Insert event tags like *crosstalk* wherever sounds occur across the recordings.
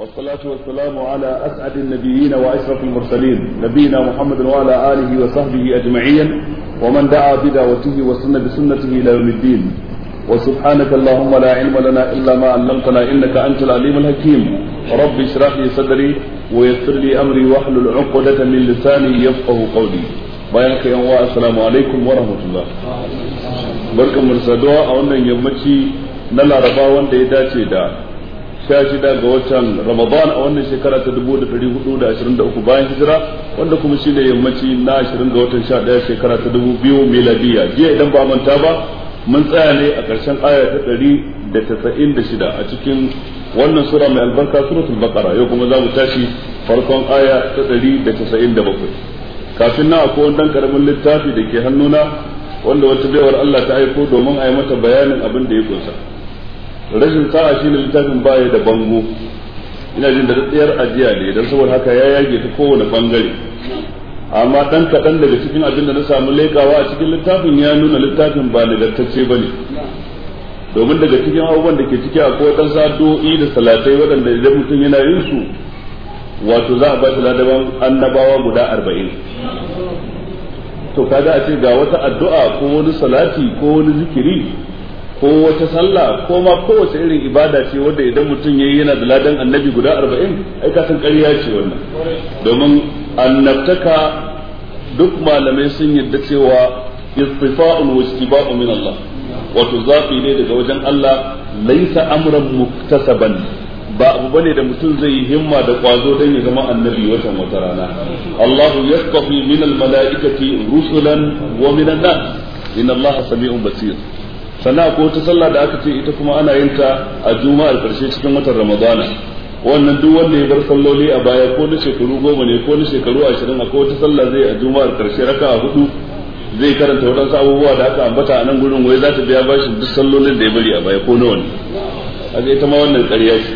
والصلاة والسلام على أسعد النبيين وأشرف المرسلين نبينا محمد وعلى آله وصحبه أجمعين ومن دعا بدعوته وسن بسنته إلى يوم الدين وسبحانك اللهم لا علم لنا إلا ما علمتنا إنك أنت العليم الحكيم رب اشرح لي صدري ويسر لي أمري واحلل عقدة من لساني يفقه قولي bayan ka yan assalamu alaikum wa rahmatullah barkan mu a wannan yammaci na laraba wanda ya dace da sha shida ga watan ramadan a wannan shekara ta dubu da dari hudu da ashirin da uku bayan hijira wanda kuma shi ne yammaci na ashirin ga watan sha ɗaya shekara ta dubu biyu miladiya jiya idan ba manta ba mun tsaya ne a ƙarshen aya ta ɗari da tasa'in da shida a cikin wannan sura mai albarka suratul baqara yau kuma za mu tashi farkon aya ta ɗari da tasa'in da bakwai kafin na akwai wani ɗan ƙaramin littafi da ke hannuna wanda wata baiwar Allah ta aiko domin a yi mata bayanin abin da ya kunsa rashin sa'a shine littafin baya da bango ina jin da tsayar ajiya ne don saboda haka ya yage ta kowane bangare amma dan kaɗan daga cikin abin da na samu laikawa a cikin littafin ya nuna littafin ba nagartacce ba ne domin daga cikin abubuwan da ke ciki akwai ɗan do'i da salatai waɗanda idan mutum yana yin su wato za a ba shi ladaban annabawa guda arba'in to kaga a ce ga wata addu'a ko wani salati ko wani zikiri ko wata sallah ko ma kowace irin ibada ce wanda idan mutum yayi yana da ladan annabi guda 40 ai ka san ƙarya ce wannan domin annabtaka duk malamai sun yarda cewa istifa'un wa istiba'un min Allah wato zafi ne daga wajen Allah laisa amran muktasaban ba abu bane da mutum zai yi himma da kwazo dan ya zama annabi watan wata rana Allah yasqafi min al-mala'ikati rusulan wa min an-nas inna Allah basir sannan akwai wata sallah da aka ce ita kuma ana yin ta a juma'ar karshe cikin watan ramadana wannan duk wanda ya bar salloli a baya ko na shekaru goma ne ko na shekaru ashirin akwai wata sallah zai a juma'ar karshe raka a hudu zai karanta waɗansu abubuwa da aka ambata a nan gurin wai za ta biya bashin duk sallolin da ya bari a baya ko nawa ne haka ita ma wannan ƙarya ce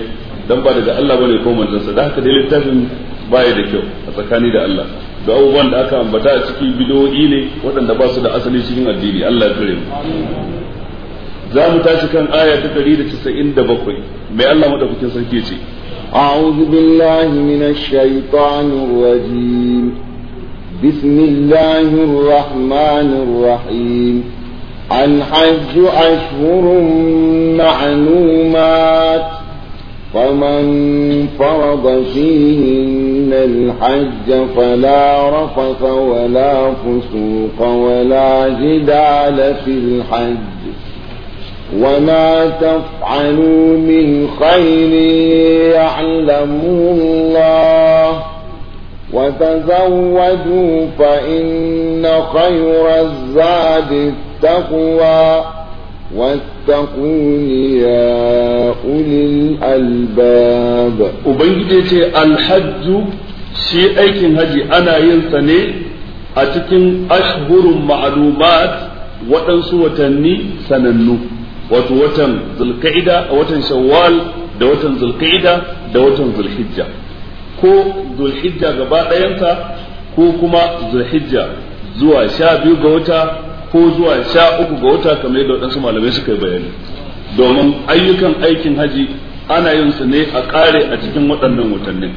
dan ba daga Allah bane ko manzansa da haka dai littafin baya da kyau a tsakani da Allah da abubuwan da aka ambata a ciki bidoyi ne waɗanda ba su da asali cikin addini Allah ya kare mu za mu tashi kan aya ta 197 mai Allah madaukakin sarki ce أعوذ بالله من الشيطان الرجيم بسم الله الرحمن الرحيم الحج أشهر معلومات فمن فرض فيهن الحج فلا رفث ولا فسوق ولا جدال في الحج وما تفعلوا من خير يعلمه الله وتزودوا فإن خير الزاد التقوى واتقون يا أولي الألباب وبنجدتي الحج شيء أيكن هجي أنا ينسني أتكن أشهر معلومات waɗansu watanni sanannu wato watan zulqa'ida watan shawwal da watan zulqa'ida da watan zulhijja ko zulhijja gaba ɗayansa ko kuma zulhijja zuwa sha biyu ga wata ko zuwa sha uku ga wata kamar yadda waɗansu malamai suka bayani domin ayyukan aikin haji ana yin su ne a ƙare a cikin waɗannan watannin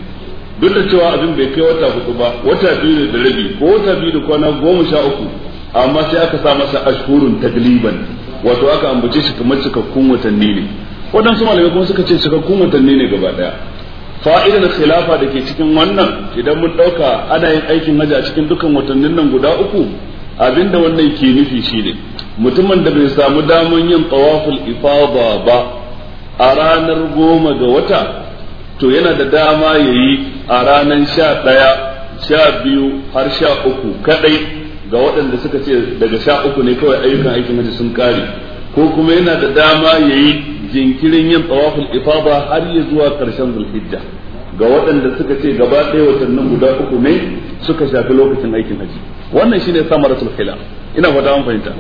duk da cewa abin bai kai wata hudu ba wata biyu ne da rabi ko wata biyu da kwana goma sha uku amma sai aka sa masa ashhurun tagliban wato aka ambace shi kamar cikakkun watanni ne waɗansu malamai kuma suka ce cikakkun watanni ne gaba ɗaya fa'idar khilafa da ke cikin wannan idan mun ɗauka ana yin aikin hajji a cikin dukkan watannin nan guda uku abinda wannan ke nufi shine mutumin da bai samu daman yin tawaful ifada ba a ranar goma ga wata to yana da dama ya yi a ranar sha ɗaya sha biyu har sha uku kaɗai ga waɗanda suka ce daga sha uku ne kawai ayyukan aikin hajji sun kare ko kuma yana da dama ya yi jinkirin yin tsawafin ifaba har ya zuwa ƙarshen zulhijja ga waɗanda suka ce gaba ɗaya watannin guda uku ne suka shafi lokacin aikin hajji wannan shine samar sulhila ina fata an fahimta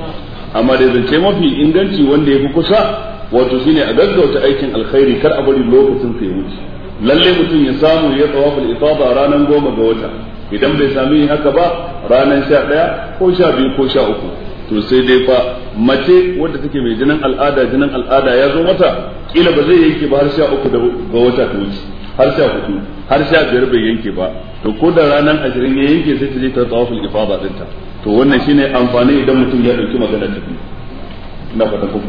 amma da zance mafi inganci wanda ya fi kusa wato shine a gaggauta aikin alkhairi kar a bari lokacin sai wuce lalle mutum ya samu ya tsawafin ifaba ranar goma ga wata idan bai sami yin haka ba ranar sha ɗaya ko sha biyu ko sha uku to sai dai fa mace wadda take mai jinin al'ada jinin al'ada ya zo mata kila ba zai yanke ba har sha uku ga wata ta wuce har sha hudu har sha biyar bai yanke ba to ko da ranar ashirin ya yanke sai ta je ta tsawafin ifada ɗinta to wannan shine amfani idan mutum ya ɗauki magana ta na fata kuma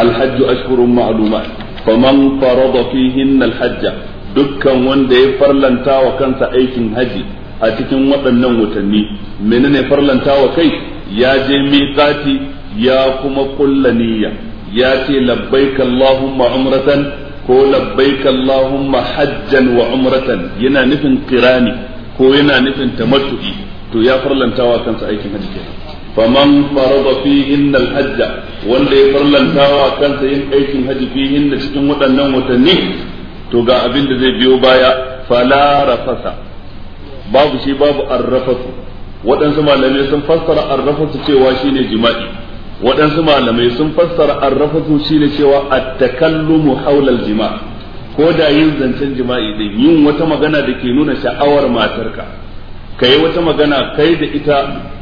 alhajju ashhurun ma'lumat faman farada fihinna alhajja dukkan wanda ya farlanta wa kansa aikin haji a cikin waɗannan watanni menene farlanta wa kai ya je miqati ya kuma kulla niyya ya ce labbaik allahumma umratan ko labbaik allahumma hajjan wa umratan yana nufin kirani. ko yana nufin tamattu'i to ya farlanta wa kansa aikin hajji kenan faman farada fihin hajja wanda ya farlanta wa kansa yin aikin hajji fihin cikin waɗannan watanni to ga abin da zai biyo baya fala rafasa babu shi babu arrafatu waɗansu malamai sun fassara arrafatu cewa shine jima'i waɗansu malamai sun fassara arrafatu shine cewa at-takallumu hawla al-jima' ko da yin zancen jima'i din yin wata magana da ke nuna sha'awar matarka kai wata magana kai da ita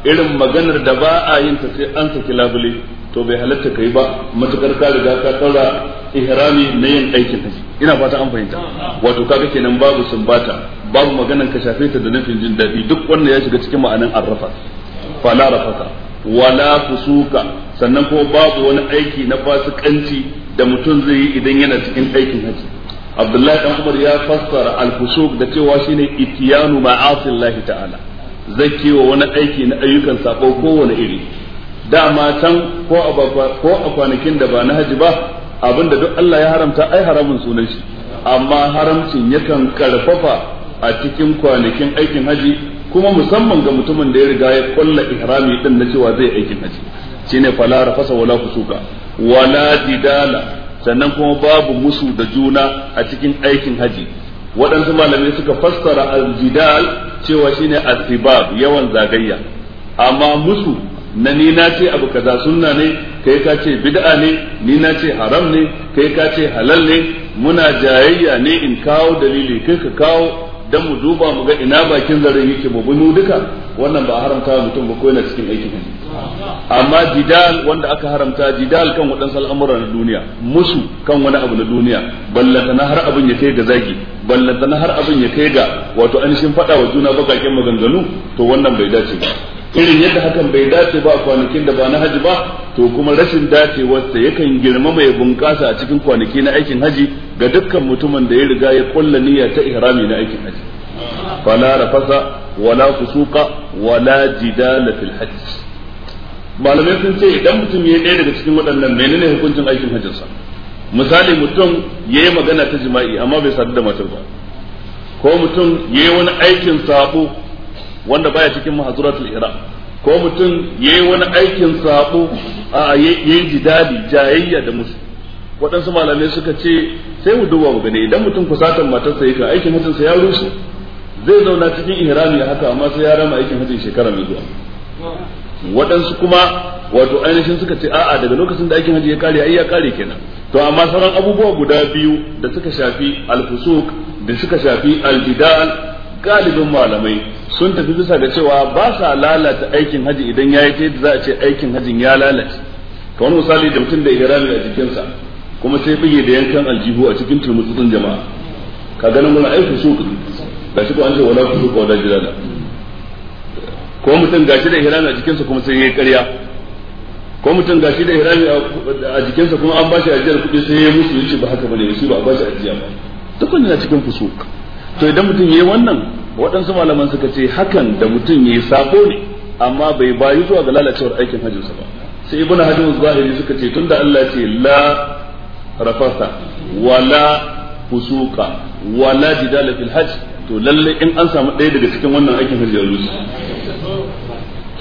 irin maganar da ba a yin ta sai an saki labule to bai halatta kai ba matukar ka riga ka daura ihrami na yin aikin haji ina fata an fahimta wato kaga kenan babu sumbata babu maganan ka shafe ta da nufin jin dadi duk wanda ya shiga cikin ma'anan arrafa fala rafata wala fusuka sannan ko babu wani aiki na fasikanci da mutum zai yi idan yana cikin aikin haji Abdullahi dan Umar ya fassara al-fusuq da cewa shine itiyanu ma'asillahi ta'ala zakewa wani aiki na ayyukan sako kowane iri da matan ko a kwanakin da ba na haji ba abinda duk Allah ya haramta ai haramun sunan shi amma haramcin yakan karfafa a cikin kwanakin aikin haji kuma musamman ga mutumin da ya riga ya kulla ihrami din na cewa zai aikin haji shine fala rafasa wala kusuka wala didala sannan kuma babu musu da juna a cikin aikin haji waɗansu malamai suka fassara al-jidal cewa shine al yawan zagayya amma musu na ni na ce abu kaza sunna ne kai ka ce bid'a ne ni na ce haram ne kai ka ce halal ne muna jayayya ne in kawo dalili kai ka kawo dan mu duba mu ga ina bakin zaren yake mu bunu duka wannan ba haramta mutum ba ko yana cikin aikin hajji amma jidal wanda aka haramta jidal kan wadansu al'amuran na duniya musu kan wani abu na duniya ballata na har abin ya kai ga zagi ballata na har abin ya kai ga wato an shin faɗa wa juna bakakin maganganu to wannan bai dace ba irin yadda hakan bai dace ba a kwanakin da ba na haji ba to kuma rashin dacewarsa yakan girma mai bunƙasa a cikin kwanaki na aikin haji ga dukkan mutumin da ya riga ya kulla niyya ta ihrami na aikin haji fala rafasa wala kusuka wala jidala fil haji malamai sun ce idan mutum ya ɗaya daga cikin waɗannan menene hukuncin aikin hajjinsa misali mutum ya yi magana ta jima'i amma bai sadu da matar ba ko mutum ya yi wani aikin sabo wanda baya cikin mahazuratul ira ko mutum yayi wani aikin sabo a yayi jidali jayayya da musu waɗansu malamai suka ce sai mu duba mu gani idan mutum kusatan matarsa ka aikin sa ya rushe zai zauna cikin ihrami haka amma sai ya rama aikin hajji shekara mai zuwa waɗansu kuma wato ainihin suka ce a'a daga lokacin da aikin hajji ya kare ai ya kare kenan to amma sauran abubuwa guda biyu da suka shafi al da suka shafi al-bidal galibin malamai sun tafi bisa ga cewa ba sa lalata aikin haji idan ya yi ta yadda za a ce aikin hajin ya lalace Ka wani misali da mutum da ihrami a jikinsa kuma sai bige da yankan aljihu a cikin turmutsutsun jama'a ka ganin muna aiki su kudi ga shi ko an ce wala kudu ko wala jilala ko mutum gashi da ihrami a jikinsa kuma sai ya yi karya ko mutum gashi da ihrami a jikinsa kuma an bashi ajiyar kuɗi sai ya yi musu yace ba haka bane shi ba a bashi ajiya ba dukkan yana cikin fusuk to idan mutum yayi wannan waɗansu malaman suka ce hakan da mutum ya yi sako ne amma bai bayu zuwa ga lalacewar aikin hajjinsa ba sai ibnu hajjin zahiri suka ce tunda Allah ce la rafasa wala fusuka wala jidala fil hajj to lalle in an samu ɗaya daga cikin wannan aikin hajji ya rusu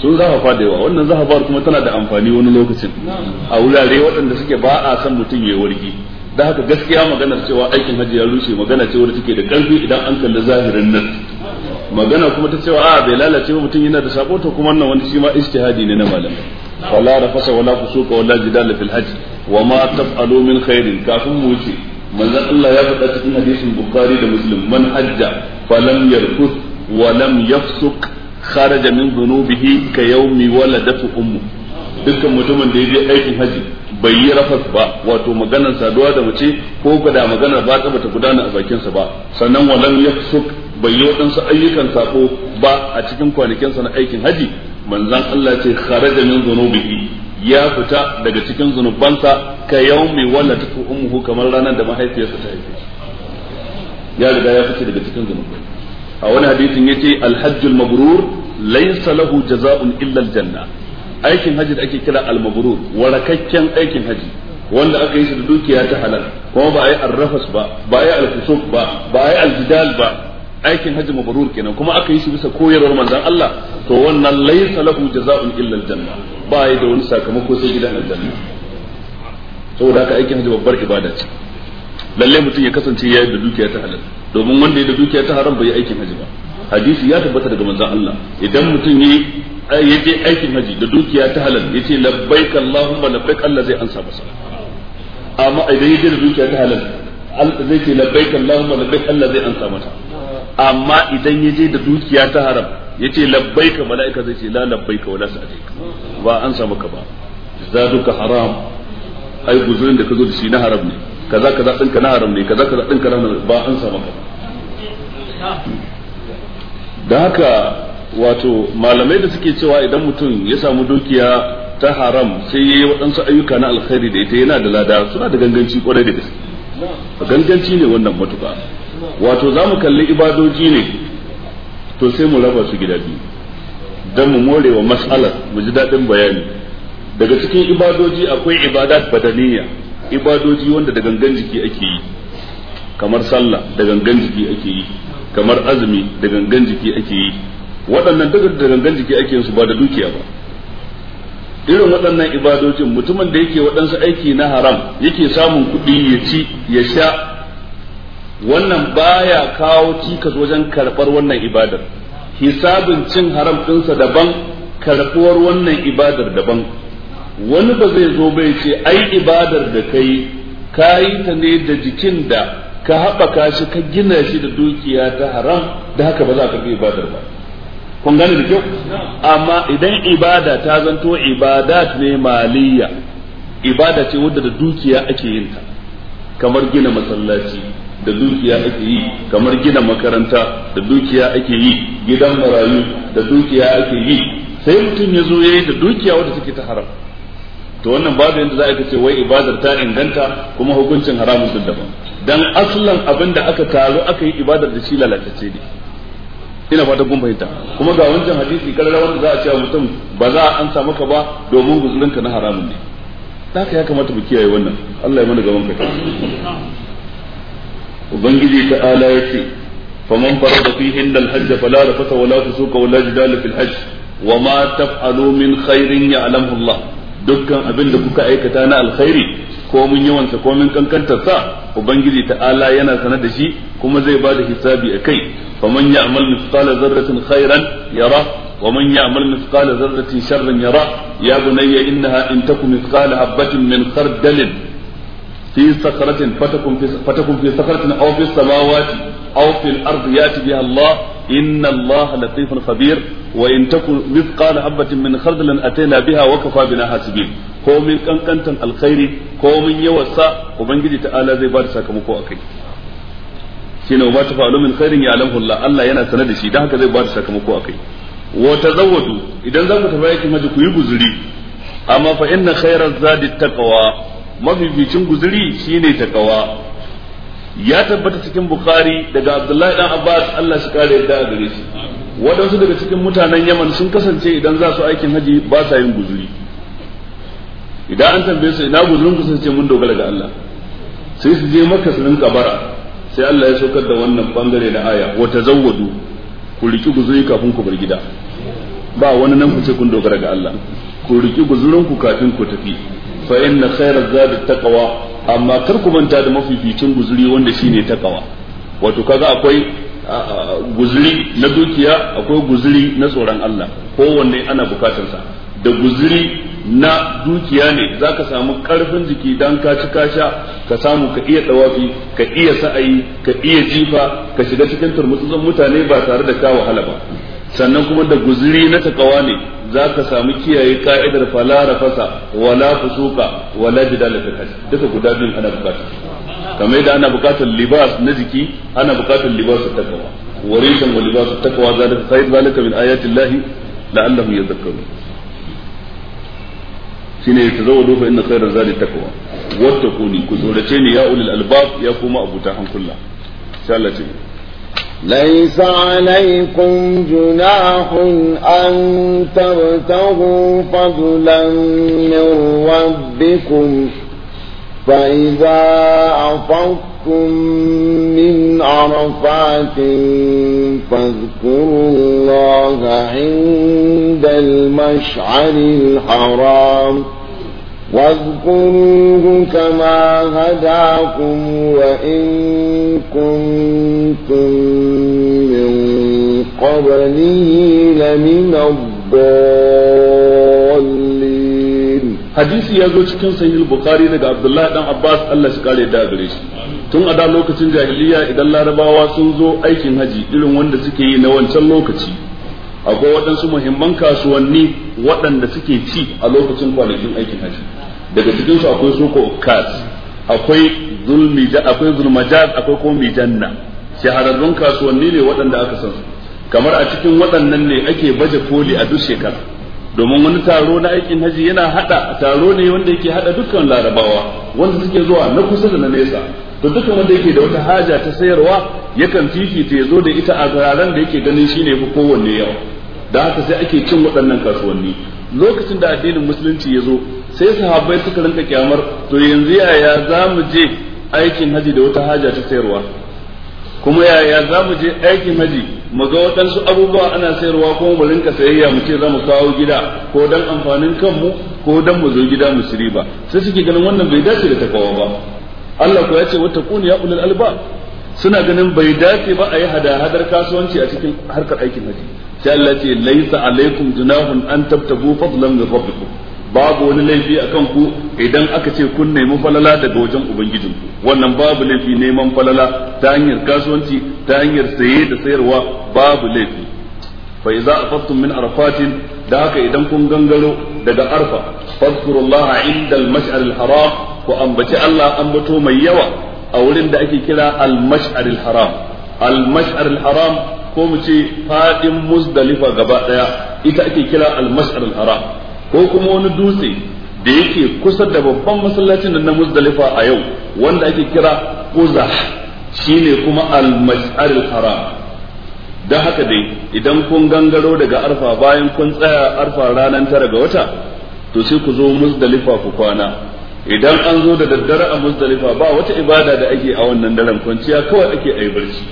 sun zafa fadewa yawa wannan zahafar kuma tana da amfani wani lokacin a wurare waɗanda suke ba a san mutum ya yi wargi da haka gaskiya maganar cewa aikin hajji ya rushe magana ce wadda take da ƙarfi idan an kalli zahirin nan magana kuma ta cewa a bai lalace ba mutum yana da sako to kuma wannan wani shi ma ijtihadi ne na malamai wala rafasa wala fusuka wala jidala fil hajj wa ma taf'alu min khairin kafin mu wuce manzon Allah ya faɗa cikin hadisin Bukhari da Muslim man hajja falam yarkus wa lam yafsuk kharaja min dhunubihi ka yawmi waladatu ummu dukkan mutumin da ya je aikin haji bai yi rafas ba wato maganar saduwa da mace ko gada maganar ba ta bata gudana a bakinsa ba sannan walam yafsuk bai yi waɗansu ayyukan sako ba a cikin kwanakinsa na aikin haji manzan Allah ce kharaja min zunubihi ya fita daga cikin zunubansa ka yaumi waladatu ummuhu kamar ranar da mahaifiyarsa ta haife ya riga ya fita daga cikin zunubai a wani hadisin yace alhajjul mabrur laysa lahu jaza'un illa aljanna aikin haji da ake kira almabrur warakakken aikin haji wanda aka yi shi da dukiya ta halal kuma ba a yi arrafas ba ba a yi alfusuf ba ba a yi aljidal ba aikin hajji mabrur kenan kuma aka yi shi bisa koyarwar manzon Allah to wannan laysa lahu jazaa'un illa aljanna ba yi da wani sakamako sai gidan aljanna saboda haka aikin hajji babbar ibada ce lalle mutum ya kasance ya yi da dukiya ta halal domin wanda ya da dukiya ta haram bai yi aikin hajji ba hadisi ya tabbata daga manzon Allah idan mutum ya ya je aikin haji da dukiya ta halal ya ce labbaik Allahumma labbaik Allah zai ansa masa amma idan ya je da dukiya ta halal zai ce labbaik Allahumma labbaik Allah zai ansa masa amma idan ya je da dukiya ta haram ya ce ka mala'ika zai ce la ka wala aje ba an samu ka ba zaduka haram ai guzurin da ka zo da shi na haram ne kaza kaza ɗinka ka na haram ne kaza kaza din ka na ba an samu ka da haka wato malamai da suke cewa idan mutum ya samu dukiya ta haram sai ya yi waɗansu ayyuka na alkhairi da ita yana da lada suna da ganganci kwarai da gaske ganganci ne wannan matuƙa wato za mu kalli ibadoji ne to sai mu raba su gida biyu don mu more wa mas'alar mu ji daɗin bayani daga cikin ibadoji akwai ibadat badaniya ibadoji wanda da gangan jiki ake yi kamar sallah da gangan jiki ake yi kamar azumi da gangan jiki ake yi waɗannan duka da gangan jiki ake yin su ba da dukiya ba irin waɗannan ibadojin mutumin da yake waɗansu aiki na haram yake samun kuɗi ya ci ya sha wannan baya kawo cikas wajen karɓar wannan ibadar hisabin cin haram ɗinsa daban karɓuwar wannan ibadar daban wani ba zai zo bai ce ai ibadar da kai ka yi ta ne da jikin da ka haɓaka shi ka gina shi da dukiya ta haram da haka ba za ka bi ibadar ba kun gane da kyau amma idan ibada ta zanto ibadat ne maliyya ibada ce wadda da dukiya ake yin ta kamar gina masallaci da dukiya ake yi kamar gina makaranta da dukiya ake yi gidan marayu da dukiya ake yi sai mutum ya zo ya yi da dukiya wadda take ta haram to wannan babu yadda za a ce wai ibadar ta inganta kuma hukuncin haramun duk daban dan aslan abin da aka taru aka yi ibadar da shi lalatacce ne ina fata kun fahimta kuma ga wancan hadisi karara wanda za a cewa mutum ba za a ansa maka ba domin guzurinka na haramun ne haka ya kamata mu kiyaye wannan Allah ya mana gaban kai ubangiji ta'ala yace faman farada fihin al-hajj fala fasa wala suka wala jidala fil hajj wa ma taf'alu min khairin ya'lamu Allah dukkan abin da kuka aikata na alkhairi ko mun yawan sa ko mun kankantar sa ubangiji ta'ala yana sanar da shi kuma zai bada hisabi akai faman ya'mal mithqala zarratin khairan yara ومن يعمل مثقال ذرة شرا يره يا بني إنها إن تك مثقال حبة من خردل fi sakratin fatakun fi fatakun fi sakratin aw fi samawati aw fil ardi yati biha Allah inna Allah latifun khabir wa in takun mithqala habatin min khardalin ataina biha wa kafa bina hasibin ko min kankantan alkhairi ko min yawarsa ubangiji ta'ala zai ba da sakamako akai shine wa ta fa'alu min khairin ya'lamu Allah Allah yana sanar da shi dan haka zai ba da sakamako akai wa tazawwadu idan za ku tafi aikin haji ku yi guzuri amma mafificin guzuri shine takawa ya tabbata cikin bukhari daga abdullahi dan abbas Allah shi kare yadda gare shi waɗansu daga cikin mutanen yaman sun kasance idan za su aikin haji ba sa yin guzuri idan an tambaye su ina guzurin ku sun ce mun dogara ga Allah sai su je makka su rinka bara sai Allah ya saukar da wannan bangare na aya wa tazawwadu ku riki guzuri kafin ku bar gida ba wani nan ku ce kun dogara ga Allah ku riki guzurin ku kafin ku tafi fa inna khayra zadi taqwa amma kar ku manta da mafificin guzuri wanda shine taqwa wato kaga akwai guzuri na dukiya akwai guzuri na tsoron Allah kowanne ana sa da guzuri na dukiya ne za ka samu karfin jiki dan ka ci ka sha ka samu ka iya dawafi ka iya sa'ayi ka iya jifa ka shiga cikin turmutsun mutane ba tare da ka wahala ba sannan kuma da guzuri na takawa ne za ka samu kiyaye ka'idar fala rafasa wala fusuka wala jidala fil hajj duka guda biyun ana bukata kamar da ana bukatar libas na jiki ana bukatar libas takawa warisan wa libas takawa za zalika sayyid zalika min ayati llahi la'allahum yadhakkarun shine ya tazawwadu fa inna khayra zadi taqwa wattaquni ku tsorace ni ya ulil albab ya kuma abuta hankula insha Allah ليس عليكم جناح أن ترتغوا فضلا من ربكم فإذا أفضتم من عرفات فاذكروا الله عند المشعر الحرام واذكروه كما هداكم وإن كنتم من قبله لمن الضالين حديث يزو cikin سيد البخاري bukhari daga abdullahi ɗan abbas Allah shi kare tun a da lokacin jahiliya idan larabawa sun zo aikin haji irin wanda suke yi na wancan lokaci akwai waɗansu muhimman kasuwanni waɗanda suke ci a lokacin kwanakin aikin hajji daga cikinsu akwai suko kas akwai zulmija akwai zulmajaz akwai ko mijanna shahararrun kasuwanni ne waɗanda aka san su kamar a cikin waɗannan ne ake baje koli a duk shekara domin wani taro na aikin haji yana hada taro ne wanda yake hada dukkan larabawa wanda suke zuwa na kusa da na nesa to dukkan wanda yake da wata haja ta sayarwa yakan fifita ya zo da ita a gararen da yake ganin shine fi kowanne yawa da haka sai ake cin waɗannan kasuwanni lokacin da addinin musulunci ya zo sai sahabbai suka rinka kyamar to yanzu yaya za mu je aikin haji da wata haja ta sayarwa kuma yaya za mu je aikin haji mu ga waɗansu abubuwa ana sayarwa kuma mu rinka sayayya mu ce za mu kawo gida ko dan amfanin kanmu ko dan mu zo gida mu siri ba sai suke ganin wannan bai dace da takawa ba Allah ko ya ce wata kuni ya ulul alba suna ganin bai dace ba a yi hada-hadar kasuwanci a cikin harkar aikin haji sai ce laisa alaikum junahun an tabtabu fadlan min rabbikum babu wani laifi akan ku idan aka ce kun nemi falala daga wajen ubangijin ku wannan babu laifi neman falala ta hanyar kasuwanci ta hanyar saye da sayarwa babu laifi fa idza afattum min arafatin da haka idan kun gangaro daga arfa fadkurullaha inda al-mash'ar al-haram ku ambaci Allah ambato mai yawa a wurin da ake kira al-mash'ar al-haram al-mash'ar haram ko mu ce fadin muzdalifa gaba daya ita ake kira al haram ko kuma wani dutse da yake kusa da babban masallacin nan na muzdalifa a yau wanda ake kira kuza shine kuma al al-haram dan haka dai idan kun gangaro daga arfa bayan kun tsaya arfa ranar tara ga wata to sai ku zo muzdalifa ku kwana idan an zo da daddare a muzdalifa ba wata ibada da ake a wannan daren kwanciya kawai ake ayi barci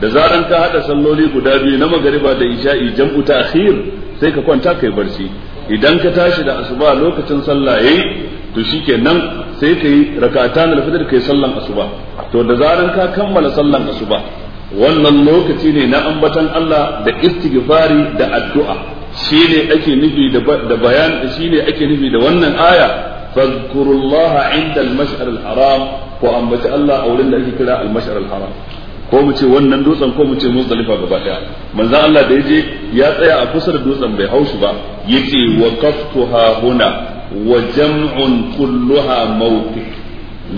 da zaran ka hada salloli guda biyu na magariba da isha'i jam'u ta'khir sai ka kwanta kai barci idan ka tashi da asuba lokacin sallah yayi to nan sai ka yi rak'atan al-fajr kai sallan asuba to da zaran ka kammala sallan asuba wannan lokaci ne na ambatan Allah da istighfari da addu'a shine ake nufi da bayan shine ake nufi da wannan aya fadhkurullaha inda al-mash'ar al-haram ko ambaci Allah a wurin da ake kira al-mash'ar al-haram ko mu ce wannan dutsen ko mu ce muzdalifa gaba daya manzo Allah da yaje ya tsaya a kusa da dutsen bai haushi ba yace wa huna wa jam'un kulluha mawqi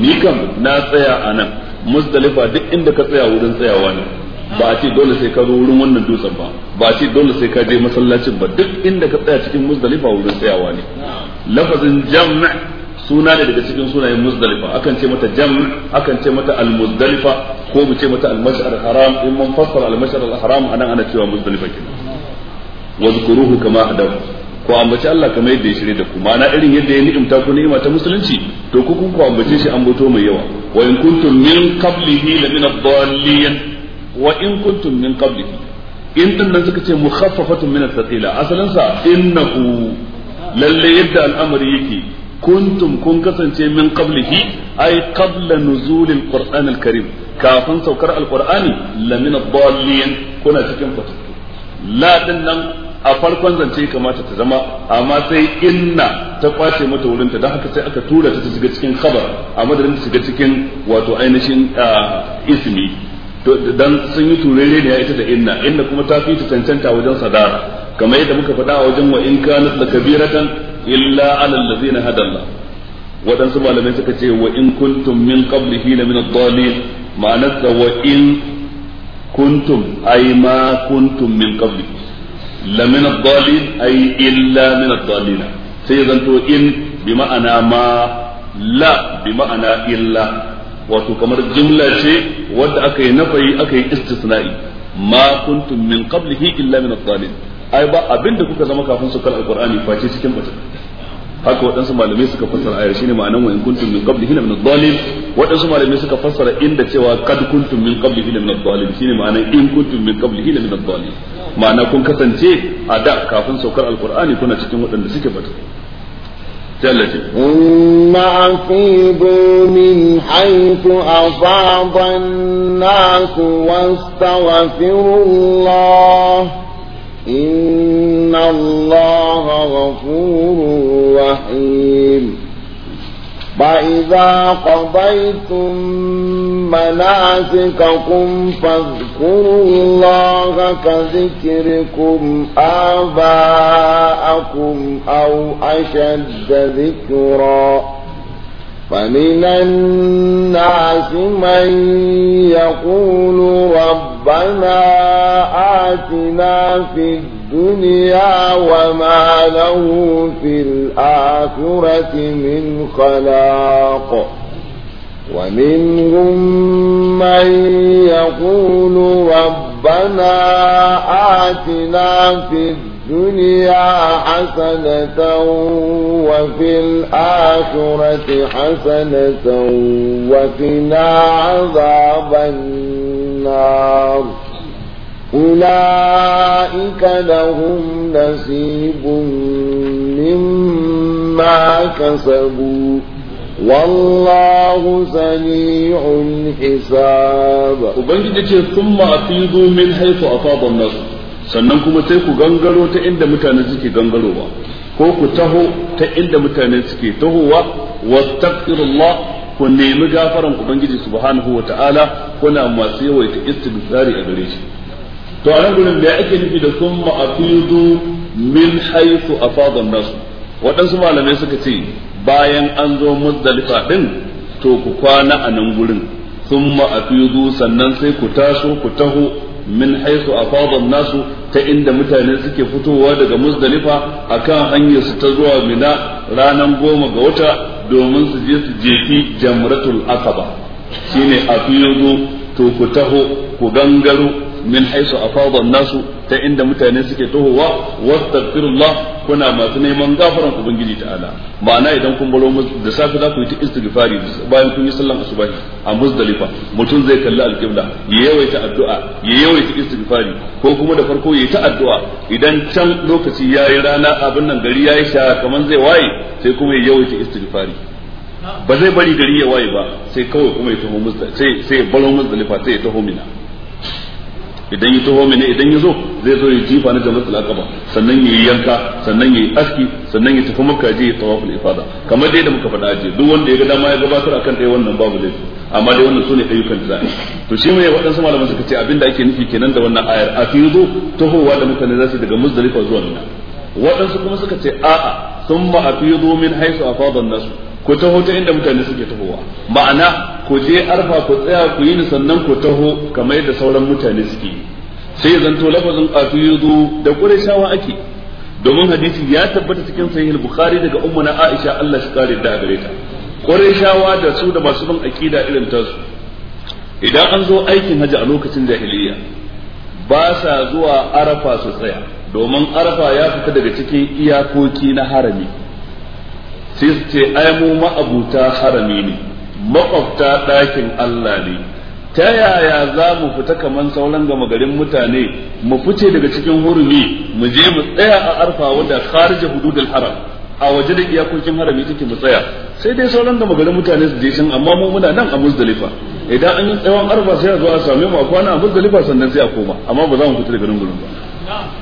ni kam na tsaya anan muzdalifa duk inda ka tsaya wurin tsayawa ne ba a ce dole sai ka zo wurin wannan dutsen ba ba a ce dole sai ka je masallacin ba duk inda ka tsaya cikin muzdalifa wurin tsayawa ne lafazin jam' suna ne daga cikin sunayen muzdalifa akan ce mata jam akan ce mata al-muzdalifa ko mu ce mata al-mash'ar haram in mun fassara al-mash'ar al-haram anan ana cewa muzdalifa kenan wazkuruhu kama adam ko ambaci Allah kamar yadda ya shirye da ku ma'ana irin yadda ya ni'imta ku ni'ima ta musulunci to ku ku ambace shi an boto mai yawa wa in kuntum min qablihi la min ad-dallin wa in kuntum min qablihi in din nan suka ce mukhaffafatun min as-saqila asalin sa innahu lalle yadda al'amari yake kuntum kun kasance min qablihi ay qabla nuzul alquran alkarim kafin saukar alqurani lamina dallin kuna cikin fatattu la nan a farkon zance kamata ta zama amma sai inna ta kwace mata wurinta don haka sai aka tura ta shiga cikin khabar a madadin ta shiga cikin wato ainihin ismi dan sun yi turere ne ita da inna inna kuma ta fi ta cancanta wajen sadara kamar yadda muka faɗa a wajen wa in kanat la illa ala allazina hadalla waɗansu malamai suka ce wa in kuntum min qablihi la min ad-dallin ma'anarsa wa in kuntum ay ma kuntum min qabli la min ad-dallin ay illa min ad-dallina sai zanto in bi ma'ana ma la bi ma'ana illa wato kamar jumla ce wadda aka yi nafayi aka yi istisna'i ma kuntum min qablihi illa min ad-dallin ai ba abinda kuka zama kafin su kal alqur'ani face cikin batun haka waɗansu malamai suka fassara ayar shine ma'anan wa in kuntum min qablihi min ad-dhalin waɗansu malamai suka fassara inda cewa kad kuntum min qablihi min ad-dhalin shine ma'anan in kuntum min qablihi min ad-dhalin ma'ana kun kasance a da kafin saukar alqur'ani kuna cikin waɗanda suke bata جلتي ثم أفيضوا من حيث أفاض الناس واستغفروا الله إن الله غفور رحيم فإذا قضيتم مناسككم فاذكروا الله كذكركم آباءكم أو أشد ذكرًا فمن الناس من يقول ربنا آتنا في الدنيا وما له في الآخرة من خلاق ومنهم من يقول ربنا آتنا في الدنيا الدنيا حسنة وفي الآخرة حسنة وقنا عذاب النار أولئك لهم نصيب مما كسبوا والله سميع حساب وبنجد ثم أفيضوا من حيث أفاض الناس sannan kuma sai ku gangaro ta inda mutane suke gangarowa ko ku taho ta inda mutane suke tahowa wastaghfirullah ku nemi gafaran ubangiji subhanahu wataala kuna masu yawaita istighfari a gare shi to anan gurin da ake nufi da summa afidu min haythu afada nas waɗansu malamai suka ce bayan an zo muzdalifa din to ku kwana a nan gurin summa afidu sannan sai ku taso ku taho min haisu a fadon nasu ta inda mutane suke fitowa daga a kan hanyar su ta zuwa mina ranan goma ga wata domin su je su jefi jamratul asaba shine a to ku taho ku gangaro min haisu a afadha nasu ta inda mutane suke tohowa wastaghfirullah kuna masu neman gafaran ubangiji ta'ala ma'ana idan kun baro da safe za ku yi ta istighfari bayan kun yi sallan asubahi a muzdalifa mutum zai kalli alqibla ya yawaita addu'a ya yawaita istighfari ko kuma da farko ya ta addu'a idan can lokaci yayi rana abin nan gari yayi sha kamar zai waye sai kuma ya yawaita istighfari ba zai bari gari ya waye ba sai kawai kuma ya taho musta sai sai balo muzdalifa sai ya taho mina idan ya taho mene idan ya zo zai zo ya jifa na jama'a al sannan ya yi yanka sannan ya yi aski sannan ya tafi makka je ya tawafu ifada kamar dai da muka faɗa aje duk wanda ya ga dama ya gabatar akan dai wannan babu laifi amma dai wannan sune ayyukan da za'a to shi mai waɗansu malaman suka ce abinda ake nufi kenan da wannan ayar zo tahowa da mutane za su daga muzdalifa zuwa mina waɗansu kuma suka ce a'a sun ma'afidu min haisu a fadon nasu ku taho ta inda mutane suke tahowa ma'ana ku je arfa ku tsaya ku yi sannan ku taho kamar yadda sauran mutane suke yi sai zan to lafazin afidu da shawa ake domin hadisi ya tabbata cikin sahih bukhari daga ummu na aisha Allah shi kare da gareta ta shawa da su da masu bin akida irin tasu idan an zo aikin haji a lokacin jahiliya ba sa zuwa arafa su tsaya domin arfa ya fita daga cikin iyakoki na harami sai su ce ai mu ma'abuta harami ne makwabta ɗakin Allah ne ta yaya za mu fita kamar sauran gama garin mutane mu fice daga cikin hurumi mu je mu tsaya a arfa wanda kharija hududul haram a waje da iyakokin harami take mu tsaya sai dai sauran gama garin mutane su je can amma mu muna nan a muzdalifa idan an yi tsawon arfa sai a zo a same mu a kwana a muzdalifa sannan sai a koma amma ba za mu fita daga nan gurin ba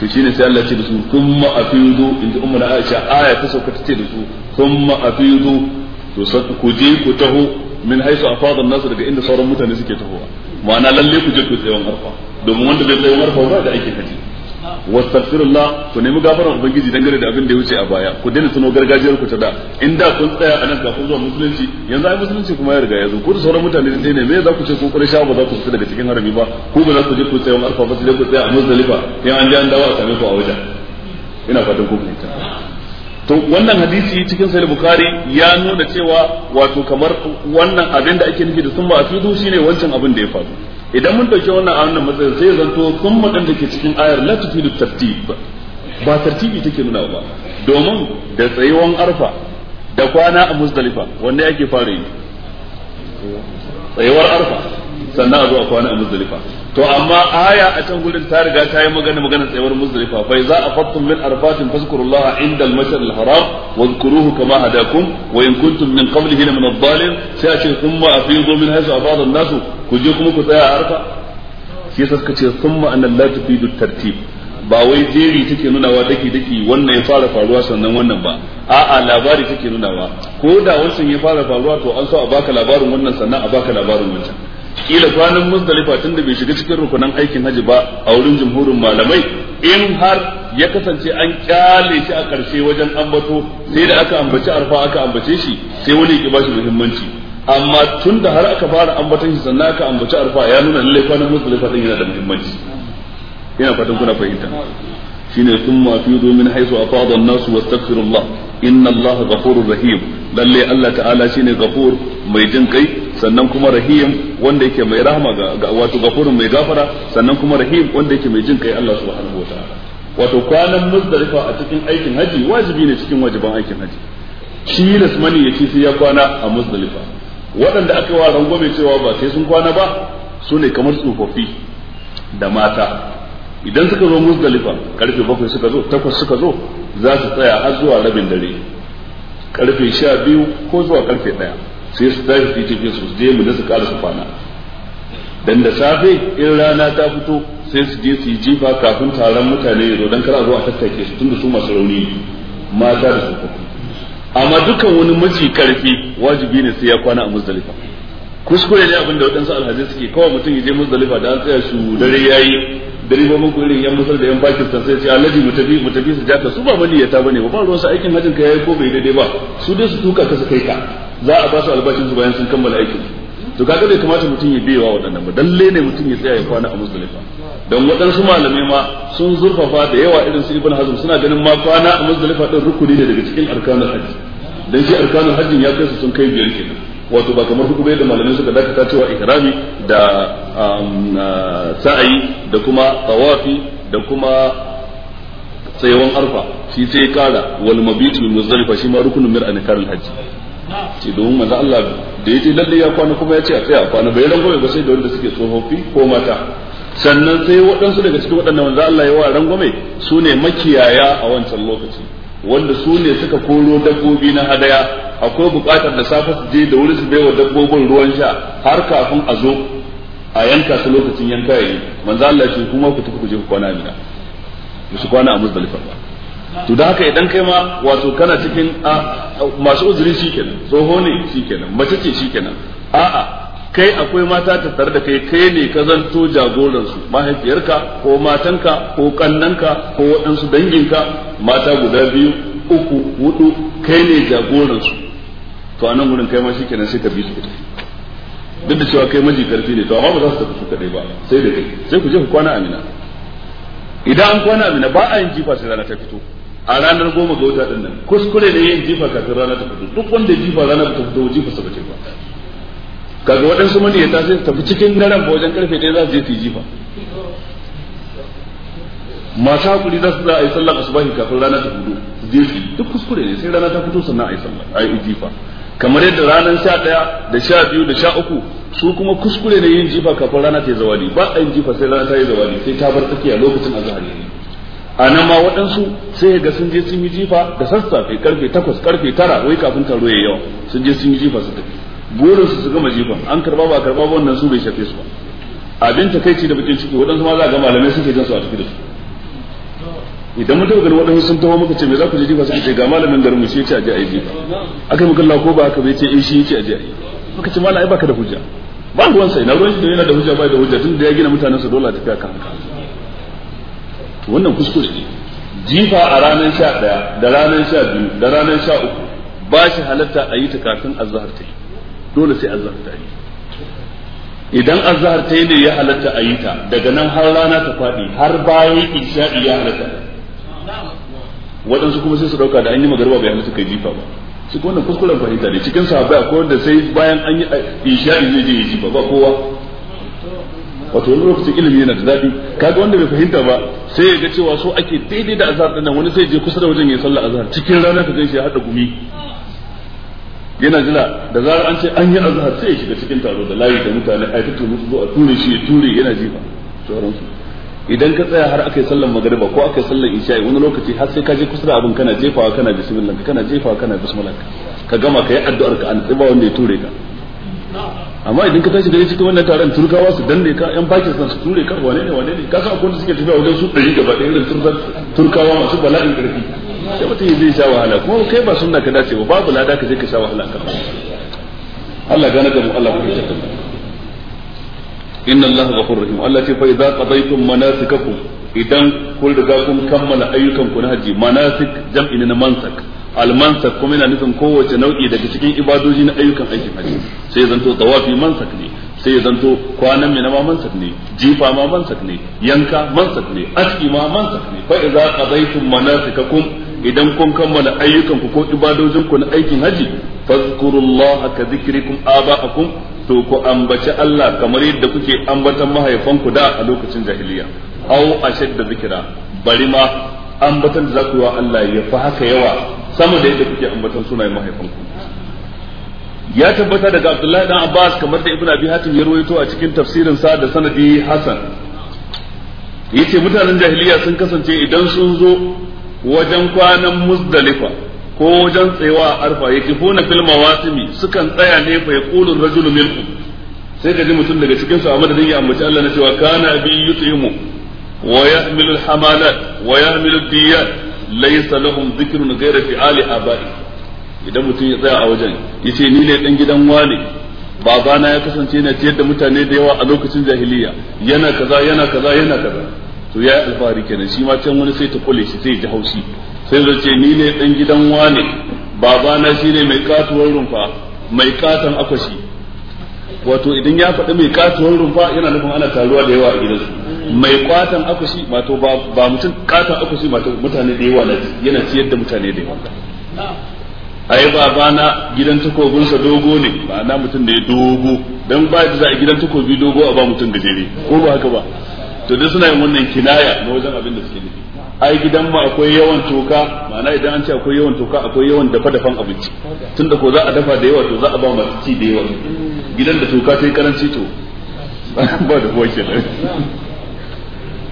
to ne sai Allah ce da su thumma afidu inda ummu na Aisha aya ta sauka ta ce da su thumma afidu to ku je ku taho min haisu a nasu daga inda sauran mutane suke tahowa ma'ana lalle ku je ku tsayon arfa domin wanda bai tsayon arfa ba da ake haji wastaghfirullah ku nemi gafarar ubangiji dangane da abin da ya wuce a baya ku daina tuno gargajiyar ku ta da in da kun tsaya a nan kafin zuwa musulunci yanzu ai musulunci kuma ya riga ya zo ku da sauran mutane da ne me za ku ce ku kure sha ba za ku fita daga cikin harami ba ku ba za ku je ku tsaya arfa ba sai ku tsaya a musulunci in an je an dawo a same ku a wajen ina fatan ku fahimta to wannan hadisi cikin sahih bukhari ya nuna cewa wato kamar wannan abin da ake nufi da summa afidu shine wancan abin da ya faru idan mun dauki wannan a wannan matsayin sai zanto kun madan da ke cikin ayar la tufidu tartib ba tartibi take nuna ba domin da tsayuwan arfa da kwana a muzdalifa wanda yake fara yi tsayuwar arfa sannan a zuwa kwana a muzdalifa to amma aya a can gurin ta riga ta yi magana magana tsayuwar muzdalifa fa a afattum min arfatin fazkurullah inda al-mashar al-haram wa dhkuruhu kama hadakum wa in kuntum min qablihi min ad-dhalin sai a ce thumma afidu min haythu afada an-nasu ku je kuma ku tsaya a arfa shi yasa suka ce thumma an la tufidu tartib ba wai jeri take nunawa daki daki wannan ya fara faruwa sannan wannan ba a'a labari take nunawa ko da wancan ya fara faruwa to an so a baka labarin wannan sannan a baka labarin wancan kila kwanan musdalifa tun da bai shiga cikin rukunan aikin haji ba a wurin jumhurin malamai in har ya kasance an kyale shi a karshe wajen ambato sai da aka ambaci arfa aka ambace shi sai wani ya bashi muhimmanci amma tun da har aka fara ambaton shi sannan aka ambaci arfa ya nuna lallai kwanan musdalifa din yana da muhimmanci ina fatan kuna fahimta shine summa fi min haythu afada an-nas wastaghfirullah inna allaha ghafurur rahim lalle Allah ta'ala shine gafur mai jin kai sannan kuma rahim wanda yake mai rahama ga wato gafurin mai gafara sannan kuma rahim wanda yake mai jin kai Allah subhanahu wataala wato kwanan muzdalifa a cikin aikin haji wajibi ne cikin wajiban aikin haji shi lasmani yace sai ya kwana a muzdalifa waɗanda aka wa rangwame cewa ba sai sun kwana ba su ne kamar tsofaffi da mata idan suka zo muzdalifa karfe bakwai suka zo takwas suka zo za su tsaya har zuwa rabin dare karfe sha biyu ko zuwa karfe daya sai su tashi su tafi su je mu da su ƙara su kwana dan da safe in rana ta fito sai su je su yi jifa kafin taron mutane ya zo dan kar a zo a tattake su tunda su masu rauni mata da su amma dukkan wani maji karfi wajibi ne sai ya kwana a muzdalifa kuskure ne abinda waɗansu alhaji suke kawai mutum ya je muzdalifa da an tsaya su dare yayi da ribobin ku irin yan musul da yan pakistan sai ce alaji mu tafi mu tafi su jaka su ba ta bane ba ba ruwan su aikin hajin ka yayi ko bai daidai ba su dai su tuka ka su kai ka za a ba su albashin su bayan sun kammala aikin to kaga bai kamata mutum ya biyewa waɗannan ba dalle ne mutum ya tsaya ya kwana a muzdalifa don waɗansu malamai ma sun zurfafa da yawa irin su ibn hazm suna ganin ma kwana a muzdalifa din rukuni ne daga cikin arkanul hajji dan shi arkanul hajjin ya kai su sun kai biyar kenan wato ba kamar hudu da malamai suka dakata cewa ikrami da um, uh, sa'ayi da kuma tawafi da kuma tsayawan arfa shi sai kara wal mabitu muzdalifa shi ma rukunin mir anikarul hajji ce don manzo Allah da yace lalle ya kwana kuma ya ce a tsaya kwana bai rangwame ba sai da wanda suke tsofaffi ko mata sannan sai waɗansu daga cikin waɗannan manzo Allah ya wa rangwame su ne makiyaya a wancan lokaci wanda su ne suka koro dabbobi na hadaya akwai bukatar da safe su je da wuri su baiwa dabbobin ruwan sha har kafin a zo a yanka su lokacin yanka yayi manzo Allah ya ce kuma ku tafi ku je ku kwana mina su kwana a muzdalifa ba to da haka idan kai ma wato kana cikin a masu uzuri shikenan tsoho ne shikenan mace ce shikenan a'a kai akwai mata ta tare da kai kai ne ka zanto jagoransu mahaifiyarka ko matanka ko kannanka ko waɗansu danginka mata guda biyu uku hudu kai ne jagoransu to a nan gurin kai ma shikenan sai ka bi su duk da cewa kai maji karfi ne to amma ba za su tafi su kadai ba sai da kai sai ku je ku kwana amina idan an kwana amina ba a yin jifa sai rana ta fito a ranar goma ga wata din nan kuskure ne yin jifa kafin rana ta fito duk wanda jifa rana ta fito jifa sa ba ce ba kaga waɗansu mani ya su tafi cikin daren ba wajen karfe ɗaya za su je su yi jifa masu hakuri za su za a yi sallar asubahi kafin rana ta hudu jefi duk kuskure ne sai rana ta fito sannan a yi sallah a yi jifa kamar yadda ranar sha ɗaya da sha biyu da sha uku su kuma kuskure ne yin jifa kafin rana ta yi zawadi ba a yin jifa sai rana ta yi zawadi sai ta bar tsakiya lokacin azhar ne a nan ma waɗansu sai ga sun je sun yi jifa da sassafe karfe takwas karfe tara wai kafin taro ya yawa sun je sun yi jifa su tafi burin su su gama jifan an karba ba karba ba wannan su bai shafe su ba abin ta takaici da bakin ciki waɗansu ma za a ga malamai suke jin a tafi da su idan mun taɓa gani waɗansu sun tawo muka ce me za ku je jifa suke ce ga malamin garin mu shi ce a je a yi jifa aka muka Allah ko ba aka bai ce in eh, shi ce a je a yi muka ce ba ka da hujja ba ruwan sai na ruwan shi da yana da hujja ba da hujja tun da ya gina mutanen sa dole a tafi kan haka wannan kuskure ne jifa a ranar sha ɗaya da ranar sha biyu da ranar sha uku ba shi halatta a yi ta kafin azahar ta yi dole sai azhar ta yi idan azhar ta yi ne ya halatta a yi ta daga nan har rana ta faɗi har bayan isha'i ya halatta waɗansu kuma sai su ɗauka da an yi magarba bai halatta kai jifa ba su kuma wannan kuskuren fahimta ne cikin sahabbai ko wanda sai bayan an yi isha'i zai je ya jifa ba kowa wato wani lokacin ilimi yana da daɗi kaga wanda bai fahimta ba sai ya ga cewa so ake daidai da azhar ɗin nan wani sai je kusa da wajen ya sallar azhar cikin rana ka gan shi ya haɗa gumi yana jira da zarar an ce an yi azhar sai ya shiga cikin taro da layi da mutane ai yi tuni su zo a ture shi ya ture yana jifa sauransu idan ka tsaya har aka yi sallar magariba ko aka yi sallar isha wani lokaci har sai ka je kusa da abin kana jefawa kana bismillah kana jefawa kana bismillah ka gama ka yi addu'ar ka an tsiba wanda ya ture ka amma idan ka tashi da cikin wannan taron turkawa su danne ka yan bakin su ture ka wane ne wane ne ka san akwai suke tafiya wajen su ɗari gaba ɗaya irin turkawa masu bala'in ƙarfi sai mutum zai sha wahala kuma kai ba sunna ka dace ba babu lada ka je ka sha wahala kan Allah gane da mu Allah ku ta inna Allah ghafur rahim Allah ce fa idza qadaytum manasikakum idan kun riga kun kammala ayyukan ku na haji manasik jam'i na mansak al mansak kuma yana nufin kowace nau'i daga cikin ibadoji na ayyukan aikin haji sai zanto tawafi mansak ne sai zanto kwanan mina mansak ne jifa mansak ne yanka mansak ne aski ma mansak ne fa idza qadaytum manasikakum idan kun kammala ayyukan ku ko ibadojin ku na aikin haji fazkurullaha ka zikirikum aba'akum to ku ambaci Allah kamar yadda kuke ambatan mahaifanku da a lokacin jahiliya aw ashadda zikira bari ma ambatan da zaku yi wa Allah ya fi haka yawa sama da yadda kuke ambatan sunayen mahaifanku ya tabbata daga Abdullahi dan Abbas kamar da Ibn Abi Hatim ya rawaito a cikin tafsirin sa da sanadi Hasan yace mutanen jahiliya sun kasance idan sun zo wajen kwanan muzdalifa ko wajen tsayawa a arfa ya kifuna fil mawasimi sukan tsaya ne fa yaqulu rajulun minkum sai ka ji mutum daga cikin su a madadin ya ambaci Allah na cewa kana bi yutimu wa yahmilu hamalat wa yahmilu diyat laysa lahum dhikrun ghayra fi ali abai idan mutum ya tsaya a wajen ce ni ne dan gidan wane babana ya kasance yana ciyar da mutane da yawa a lokacin jahiliya yana kaza yana kaza yana kaza to ya alfahari kenan shi ma can wani sai ta kule shi sai ji haushi sai zai ce ni ne dan gidan wane babana shi ne mai katuwar rumfa mai katan akwashi wato idan ya faɗi mai katuwar rumfa yana nufin ana taruwa da yawa a gidansu mai katan akwashi wato ba mutum katan akwashi wato mutane da yawa yana ciyar da mutane da yawa ai babana gidan takobinsa dogo ne ba na mutum da ya dogo dan ba da za a gidan takobi dogo a ba mutum gajere ko ba haka ba to dai suna yin wannan kinaya na wajen abin da suke nufi ai gidan mu akwai yawan toka ma'ana idan an ce akwai yawan toka akwai yawan dafa-dafan abinci tunda ko za a dafa da yawa to za a ba masu ci da yawa gidan da toka ta yi karanci to *laughs* ba da kuwa kenan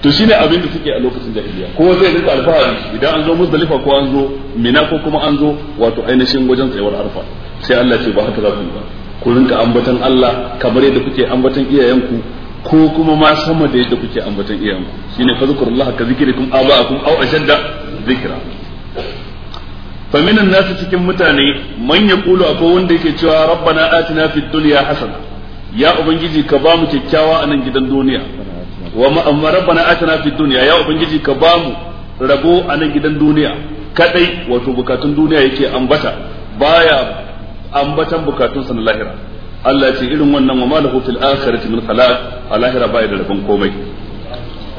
to shine abin da suke a lokacin jahiliya ko zai rinka alfahari idan an zo muzdalifa ko an zo mina ko kuma an zo wato ainihin wajen tsayuwar arfa sai Allah ce ba haka za ku yi ba ku rinka ambatan Allah kamar yadda kuke ambatan iyayenku ko kuma ma sama da yadda kuke ambaton iyayenku shine Allah ka zikrikum aba'akum aw ashadda zikra فمن الناس cikin mutane man yaqulu akwai wanda yake cewa rabbana atina fid dunya hasana ya ubangiji ka bamu kyakkyawa a nan gidan duniya wa ma amma rabbana atina fid dunya ya ubangiji ka bamu rabo a nan gidan duniya kadai wato bukatun duniya yake ambata baya ambatan bukatun sa na lahira Allah ce irin wannan wa malahu fil akhirati min khalaq alahira bai da rabon komai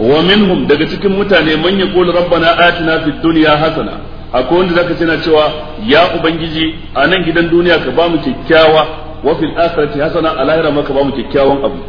wa minhum daga cikin mutane man yaqulu rabbana atina fid dunya hasana akwai wanda zaka ce na cewa ya ubangiji a nan gidan duniya ka bamu kyakkyawa wa fil akhirati hasana alahira ma ka bamu kyakkyawan abu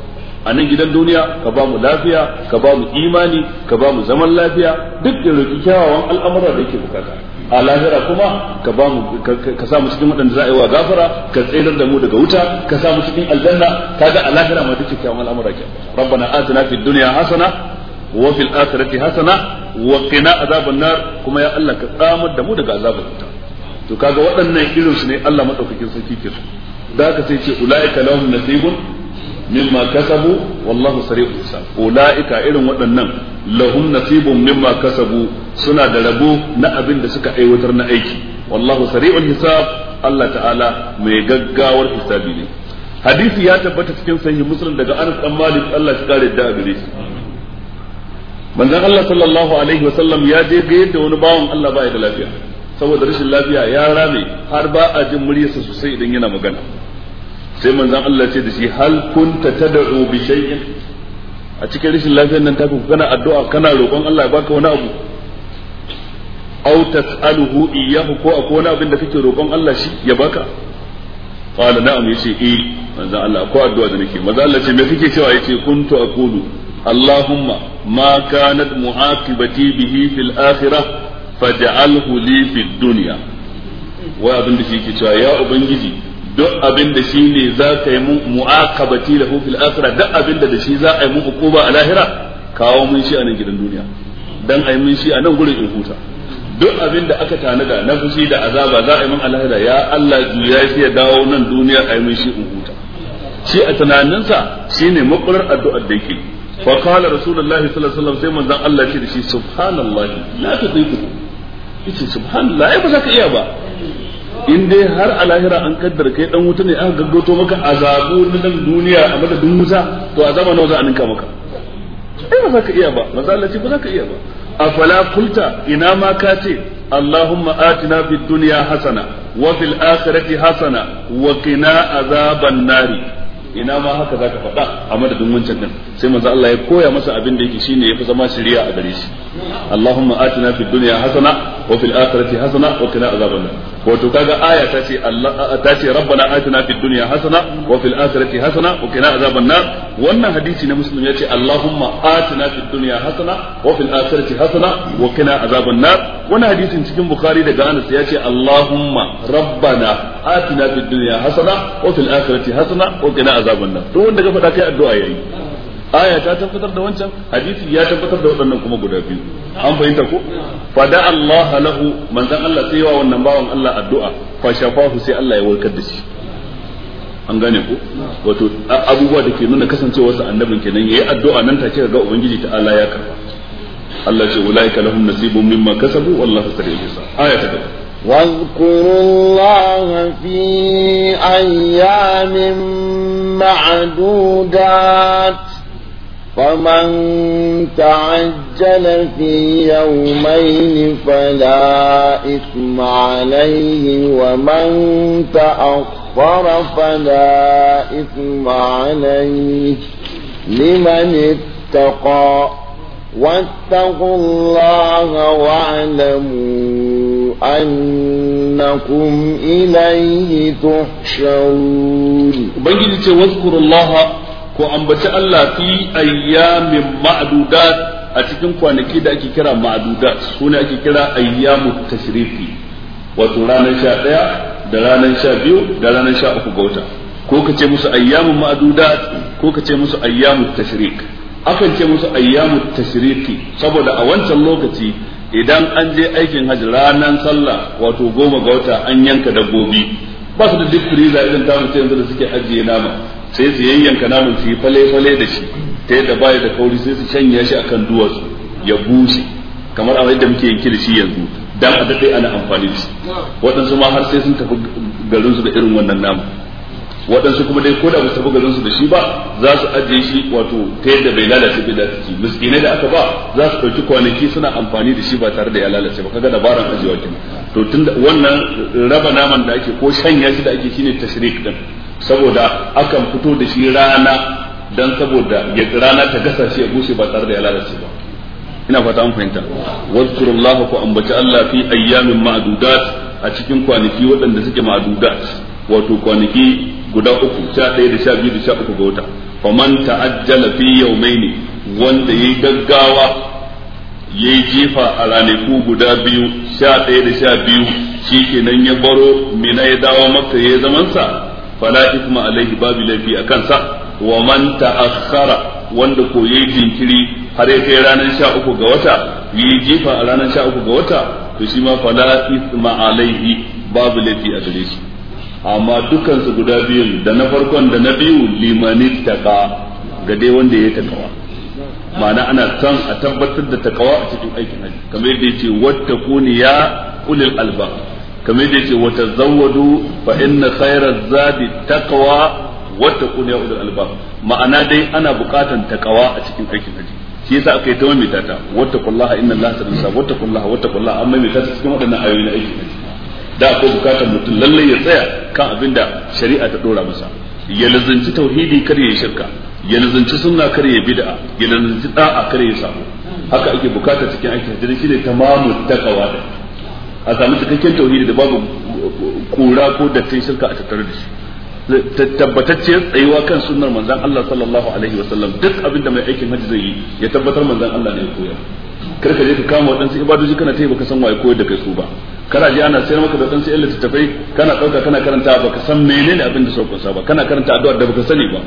a nan gidan duniya ka ba mu lafiya ka ba mu imani ka ba mu zaman lafiya duk da roki kyawawan al'amura da yake bukata a lahira kuma ka ba mu ka sa mu cikin waɗanda za a yi wa gafara ka tsirar da mu daga wuta ka sa mu cikin aljanna kaga a lahira ma duk kyawun al'amura ke rabbana atina fid dunya hasana wa fil akhirati hasana wa qina azaban nar kuma ya Allah ka tsamar da mu daga azabar wuta to kaga waɗannan irin su ne Allah madaukakin sarki ke su da ka sai ce ulaika lahum nasibun mimma kasabu wallahu sari'ul hisab ulaika irin waɗannan lahum nasibun mimma kasabu suna da rabo na abin da suka aiwatar na aiki wallahu sari'ul hisab Allah ta'ala mai gaggawar hisabi hadisi ya tabbatar cikin sahih muslim daga Anas dan Malik Allah ya kare da gare shi manzon Allah sallallahu alaihi wa sallam ya je ga yadda wani bawan Allah ba ya da lafiya saboda rashin lafiya ya rame har ba a jin muryarsa sosai idan yana magana sai manzon Allah ce da shi hal kunta tad'u bi shay'in a cikin rashin lafiyar nan taka kana addu'a kana roƙon Allah ya baka wani abu aw tas'aluhu iyyahu ko akwai wani abin da kake roƙon Allah shi ya baka qala na'am yace eh manzon Allah ko addu'a da nake manzon Allah ce me kake cewa yace kuntu aqulu اللهم ما كانت معاقبتي به في الآخرة فاجعله لي في الدنيا وابن دشي cewa ya ubangiji. duk abin da shi ne za ka yi mun mu'aqabati lahu fil akhirah duk abin da shi za a yi mun uquba a lahira kawo mun shi a nan gidan duniya dan a yi mun shi a nan gurin in huta duk abin da aka tanada na fushi da azaba za a yi mun a lahira ya Allah ya shi ya dawo nan duniya a yi mun shi in huta shi a tunaninsa shi ne maƙurar addu'ar da yake fa qala rasulullahi sallallahu alaihi wasallam sai manzon Allah ce da shi subhanallahi la tadiku yace subhanallahi ba za ka iya ba in dai har a lahira an kaddar kai dan wuta ne aka gaggoto maka azabu na dan duniya a madadin wuta to azaba nawa za a ninka maka ai ba za ka iya ba maza ce ba za ka iya ba afala kulta ina ma ka ce Allahumma atina bid dunya hasana wa fil akhirati hasana wa qina azaban nari ina ma haka za ka faɗa a madadin wancan din sai manzo Allah ya koya masa abin da yake shine yafi zama shari'a a gare shi اللهم آتنا في الدنيا حسنة وفي الآخرة حسنة وقنا عذاب النار wato kaga aya ta ce Allah ta ce rabbana atina fid dunya hasana wa fil akhirati hasana wa qina azaban nar wannan hadisi na muslim ce allahumma atina fid dunya hasana wa fil akhirati hasana wa qina azaban nar wannan hadisin cikin bukhari daga anas ce allahumma rabbana atina fid dunya hasana wa fil akhirati hasana wa qina azaban nar to wanda ka faɗa kai addu'a yayi aya ta tabbatar da wancan hadisi ya tabbatar da waɗannan kuma guda biyu an fahimta ko Fa da Allah lahu manzon Allah sai yawa wannan bawan Allah addu'a fa shafahu sai Allah ya warkar da shi an gane ko wato abubuwa da ke nuna kasancewar sa annabin kenan yayi addu'a nan take ga ubangiji ta Allah ya karba Allah ce ulaika lahum nasibun mimma kasabu wallahu sari'ul hisab aya ta gaba واذكروا الله في أيام معدودات فمن تعجل في يومين فلا إثم عليه ومن تأخر فلا إثم عليه لمن اتقى واتقوا الله واعلموا أنكم إليه تحشرون بنجد واذكروا الله ko ambaci Allah fi ayyamin ma'dudat a cikin kwanaki da ake kira ma'dudat sune ake kira ayyamut tashrifi wato ranar sha ɗaya da ranar sha biyu da ranar sha uku ga wata ko ka ce musu ayyamun ma'dudat ko ka ce musu ayyamut tashrif akan ce musu ayyamut tashrifi saboda a wancan lokaci idan an je aikin hajji ranar sallah wato goma ga wata an yanka dabbobi ba su da duk firiza irin tamu sai yanzu da suke ajiye nama sai su yayyanka naman su yi fale-fale da shi ta yadda baya da kauri sai su shanya shi a kan duwatsu ya bushe kamar a yadda muke yanki da shi yanzu dan a daɗe ana amfani da shi waɗansu ma har sai sun tafi garin su da irin wannan naman. waɗansu kuma dai ko da basu tafi garin su da shi ba za su ajiye shi wato ta yadda bai lalace bai da ciki miskinai da aka ba za su ɗauki kwanaki suna amfani da shi ba tare da ya lalace ba kaga dabaran ajiyewa kenan to tunda wannan raba naman da ake ko shanya shi da ake shine tashrik din saboda akan fito da shi rana dan saboda ya rana ta gasa shi ya bushe ba tare da ya lalace ba ina fata an fahimta wadkurullaha ku ambaci Allah fi ayyamin ma'dudat a cikin kwanaki waɗanda suke ma'dudat wato kwanaki guda uku sha ɗaya da sha biyu da sha uku ga wata man ta'ajjala fi yawmaini wanda yayi gaggawa ya jifa a ranaku guda biyu sha ɗaya da sha biyu shi kenan ya baro mina ya dawo maka ya zaman sa. fala isma alaihi babu laifi a kansa wa man ta'akhkhara wanda ko jinkiri har ya kai ranar sha uku ga wata yi jifa a ranar sha uku ga wata to shi ma fala babu laifi a gare shi amma dukkan su guda biyun da na farkon da na biyu limani taqa ga wanda ya takawa ma'ana ana son a tabbatar da takawa a cikin aikin haji kamar yadda yace wattaquni ya ulil alba. kamar da ce wata zawadu fa inna khairar zadi taqwa wata kun ya ulul albab ma'ana dai ana bukatan taqwa a cikin aikin haji shi yasa aka yi ta mamita ta wata kullaha inna allaha sadisa wata kullaha wata kullaha amma mamita ta cikin waɗannan ayoyi na aikin haji da akwai bukatan mutum lallai ya tsaya kan abin da shari'a ta dora masa ya lazanci tauhidi kar ya shirka ya lazanci sunna kar ya bid'a ya lazanci da'a kar ya sabo haka ake bukata cikin aikin haji shine tamamu taqwa da a samu cikakken tauhidi da babu kura ko dattin shirka a tattare da shi tabbatacciyar tsayuwa kan sunnar manzan Allah sallallahu alaihi wa sallam duk abin da mai aikin hajji zai yi ya tabbatar manzan Allah ne ya koya kar ka je ka kama waɗansu ibadoji kana ta yi baka san waye koyar da kai su ba kana je ana sayar maka da waɗansu yan littattafai kana ɗauka kana karanta baka san menene abin da sa ba kana karanta addu'ar da baka sani ba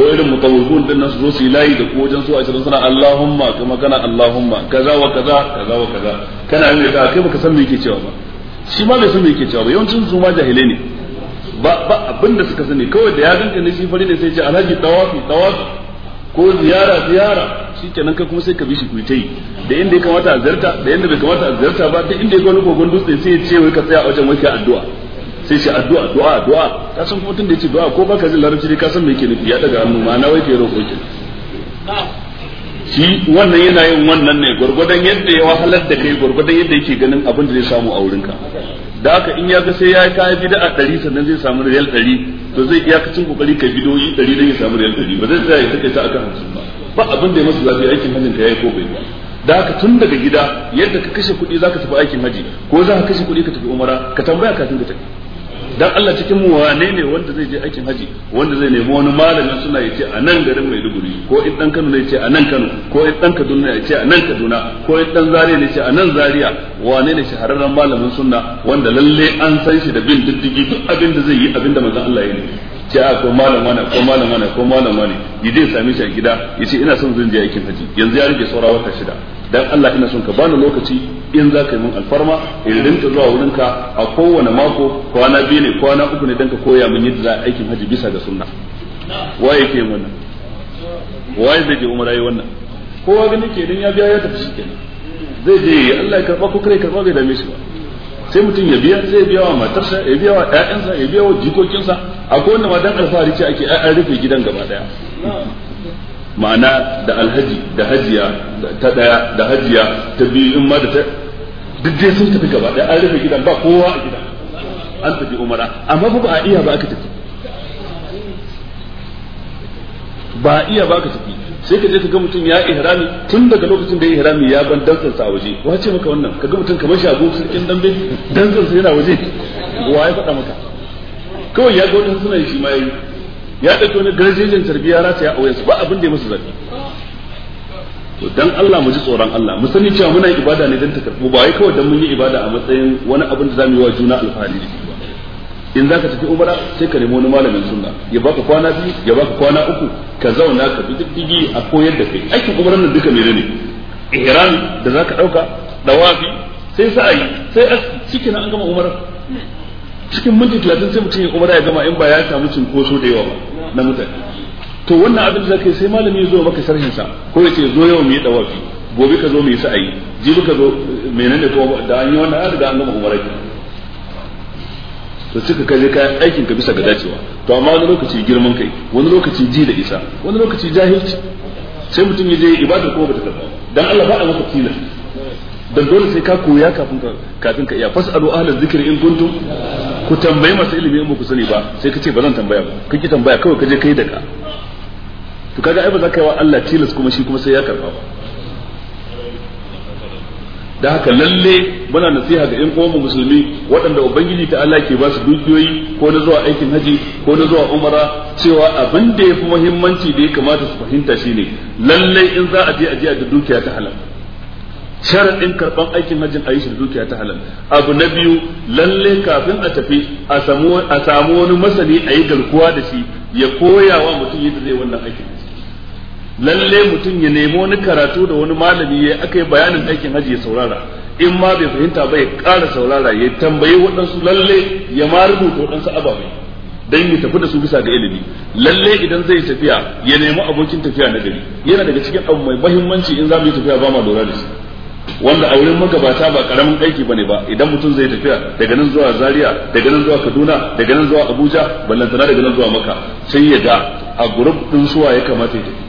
ko irin mutawwifun din nasu su zo su layi da ko wajen a cikin suna Allahumma kuma kana Allahumma kaza wa kaza kaza wa kaza kana yin da kai baka san me yake cewa ba shi ma bai san me yake cewa ba yawancin su ma jahilai ne ba ba abinda suka sani kawai da ya danka ne shi fari ne sai ya ce alhaji tawafi tawafi ko ziyara ziyara kenan kai kuma sai ka bi shi kuyi tai da inda ya kamata a ziyarta da inda bai kamata a ziyarta ba da inda ya ga wani kogon dutse sai ya ce wai ka tsaya a wajen wai addu'a sai ce addu'a du'a du'a ka san kuma da yace du'a ko baka jin larabci ne ka san me yake nufi ya daga hannu ma na wai ke roƙo ki shi wannan yana yin wannan ne gurgurdan yadda ya wahalar da kai gurgurdan yadda yake ganin abin da zai samu a wurin ka. da haka in ya ga sai ya kai a ɗari sannan zai samu riyal ɗari to zai iya kacin kokari ka doyi ɗari don ya samu riyal ɗari ba zai tsaya ya take ta akan hamsin ba ba abin da ya masa zafi aikin hajjin ka yayi ko bai ba da haka tun daga gida yadda ka kashe kuɗi za ka tafi aikin haji ko za ka kashe kuɗi ka tafi umara ka tambaya kafin ka tafi dan Allah cikin mu wane ne wanda zai je aikin haji wanda zai nemi wani malamin suna yace a nan garin Maiduguri ko in dan Kano ne yace a nan Kano ko in dan Kaduna ne yace a nan Kaduna ko in dan Zaria ne yace a nan Zaria wane ne shahararren malamin sunna wanda lalle an san shi da bin diddigi duk abin da zai yi abin da manzon Allah ya yi ce a ko malam wani ko malam wani ko malam wani ya sami shi a gida yace ina son zan je aikin haji yanzu ya rage saura wata shida dan Allah ina son ka bani lokaci in za ka yi mun alfarma in rinka zuwa wurinka a kowane mako kwana biyu ne kwana uku ne dan ka koya min yadda za a aikin haji bisa ga sunna waye ke wannan waye zai je umara yi wannan kowa gani ke idan ya biya ya tafi shi kenan zai je Allah ya karba ko kare karba bai dame shi ba sai mutum ya biya zai biya wa matarsa ya biya wa ƴaƴansa ya biya wa jikokinsa akwai wanda ma dan alfahari ce ake an rufe gidan gaba daya ma'ana da alhaji da hajiya ta daya da hajiya ta biyu in ma da ta duk dai sun tafi gaba da an rufe gidan ba kowa a gidan an tafi umara amma ba a iya ba aka tafi ba a iya ba aka tafi sai ka je ka ga mutum ya ihrami tun daga lokacin da ya ihrami ya ban dantsan sa waje wa ce maka wannan ka ga mutum kamar shago sarkin dambe dantsan sa yana waje wa ya faɗa maka kawai ya ga wata suna shi ma yi. ya ɗauki wani garjejin tarbiyya ta ya auyensa ba abin da ya musu zafi to dan Allah mu ji tsoron Allah mu sani cewa muna ibada ne dan takarfu ba wai kawai dan mun yi ibada a matsayin wani abin da zamu yi wa juna alfahari da shi ba in zaka tafi umara sai ka nemi wani malamin sunna ya baka kwana biyu ya baka kwana uku ka zauna ka bi diddigi a koyar da kai aikin umaran nan duka menene ihram da zaka dauka dawafi sai sa'ayi sai cikin an gama umara cikin minti talatin sai mutum ya umara ya gama in ba ya samu cinkoso da yawa ba na mutane to wannan abin da zaka yi sai malami ya zo maka sharhin sa ko ya ce zo yau mu yi dawafi gobe ka zo mu yi sa'ayi jibi ka zo menene ko da an yi wannan an riga an gama umara to cika kaje kayan aikin ka bisa ga dacewa to amma wani lokaci girman kai wani lokaci ji da isa wani lokaci jahilci sai mutum ya je ibada ko bata karba dan Allah ba a maka tilas dan dole sai ka koya kafin ka kafin ka iya fasalu ahlaz zikri in kuntum ku tambayi masu ilimi in ku sani ba sai ka ce ba zan tambaya ba kake tambaya kawai ka je kai da ka to kaga ai ba za ka yi wa Allah tilas kuma shi kuma sai ya karba ba da haka lalle muna nasiha ga ƴan uwanmu musulmi waɗanda ubangiji ta Allah ke ba su dukiyoyi ko na zuwa aikin haji ko na zuwa umara cewa abin da yafi muhimmanci da ya kamata su fahimta shine lalle in za a je a je a dukiya ta halal sharaɗin karɓar aikin hajjin a yi shi dukiya ta halal abu na biyu lalle kafin a tafi a samu wani masani a yi garkuwa da shi ya koya wa mutum yadda zai wannan aikin lalle mutum ya nemi wani karatu da wani malami ya aka yi bayanin aikin hajji ya saurara in ma bai fahimta ba ya ƙara saurara ya tambayi waɗansu lalle ya ma rubuta waɗansu ababai dan ya tafi da su bisa ga ilimi lalle idan zai tafiya ya nemi abokin tafiya na gari yana daga cikin abu mai mahimmanci in za mu yi tafiya ba ma lura da shi wanda a wurin magabata ba karamin aiki bane ba idan mutum zai tafiya daga nan zuwa Zaria daga nan zuwa Kaduna daga nan zuwa Abuja ballantana daga nan zuwa Makka sai ya ga a group din suwa ya kamata ya tafi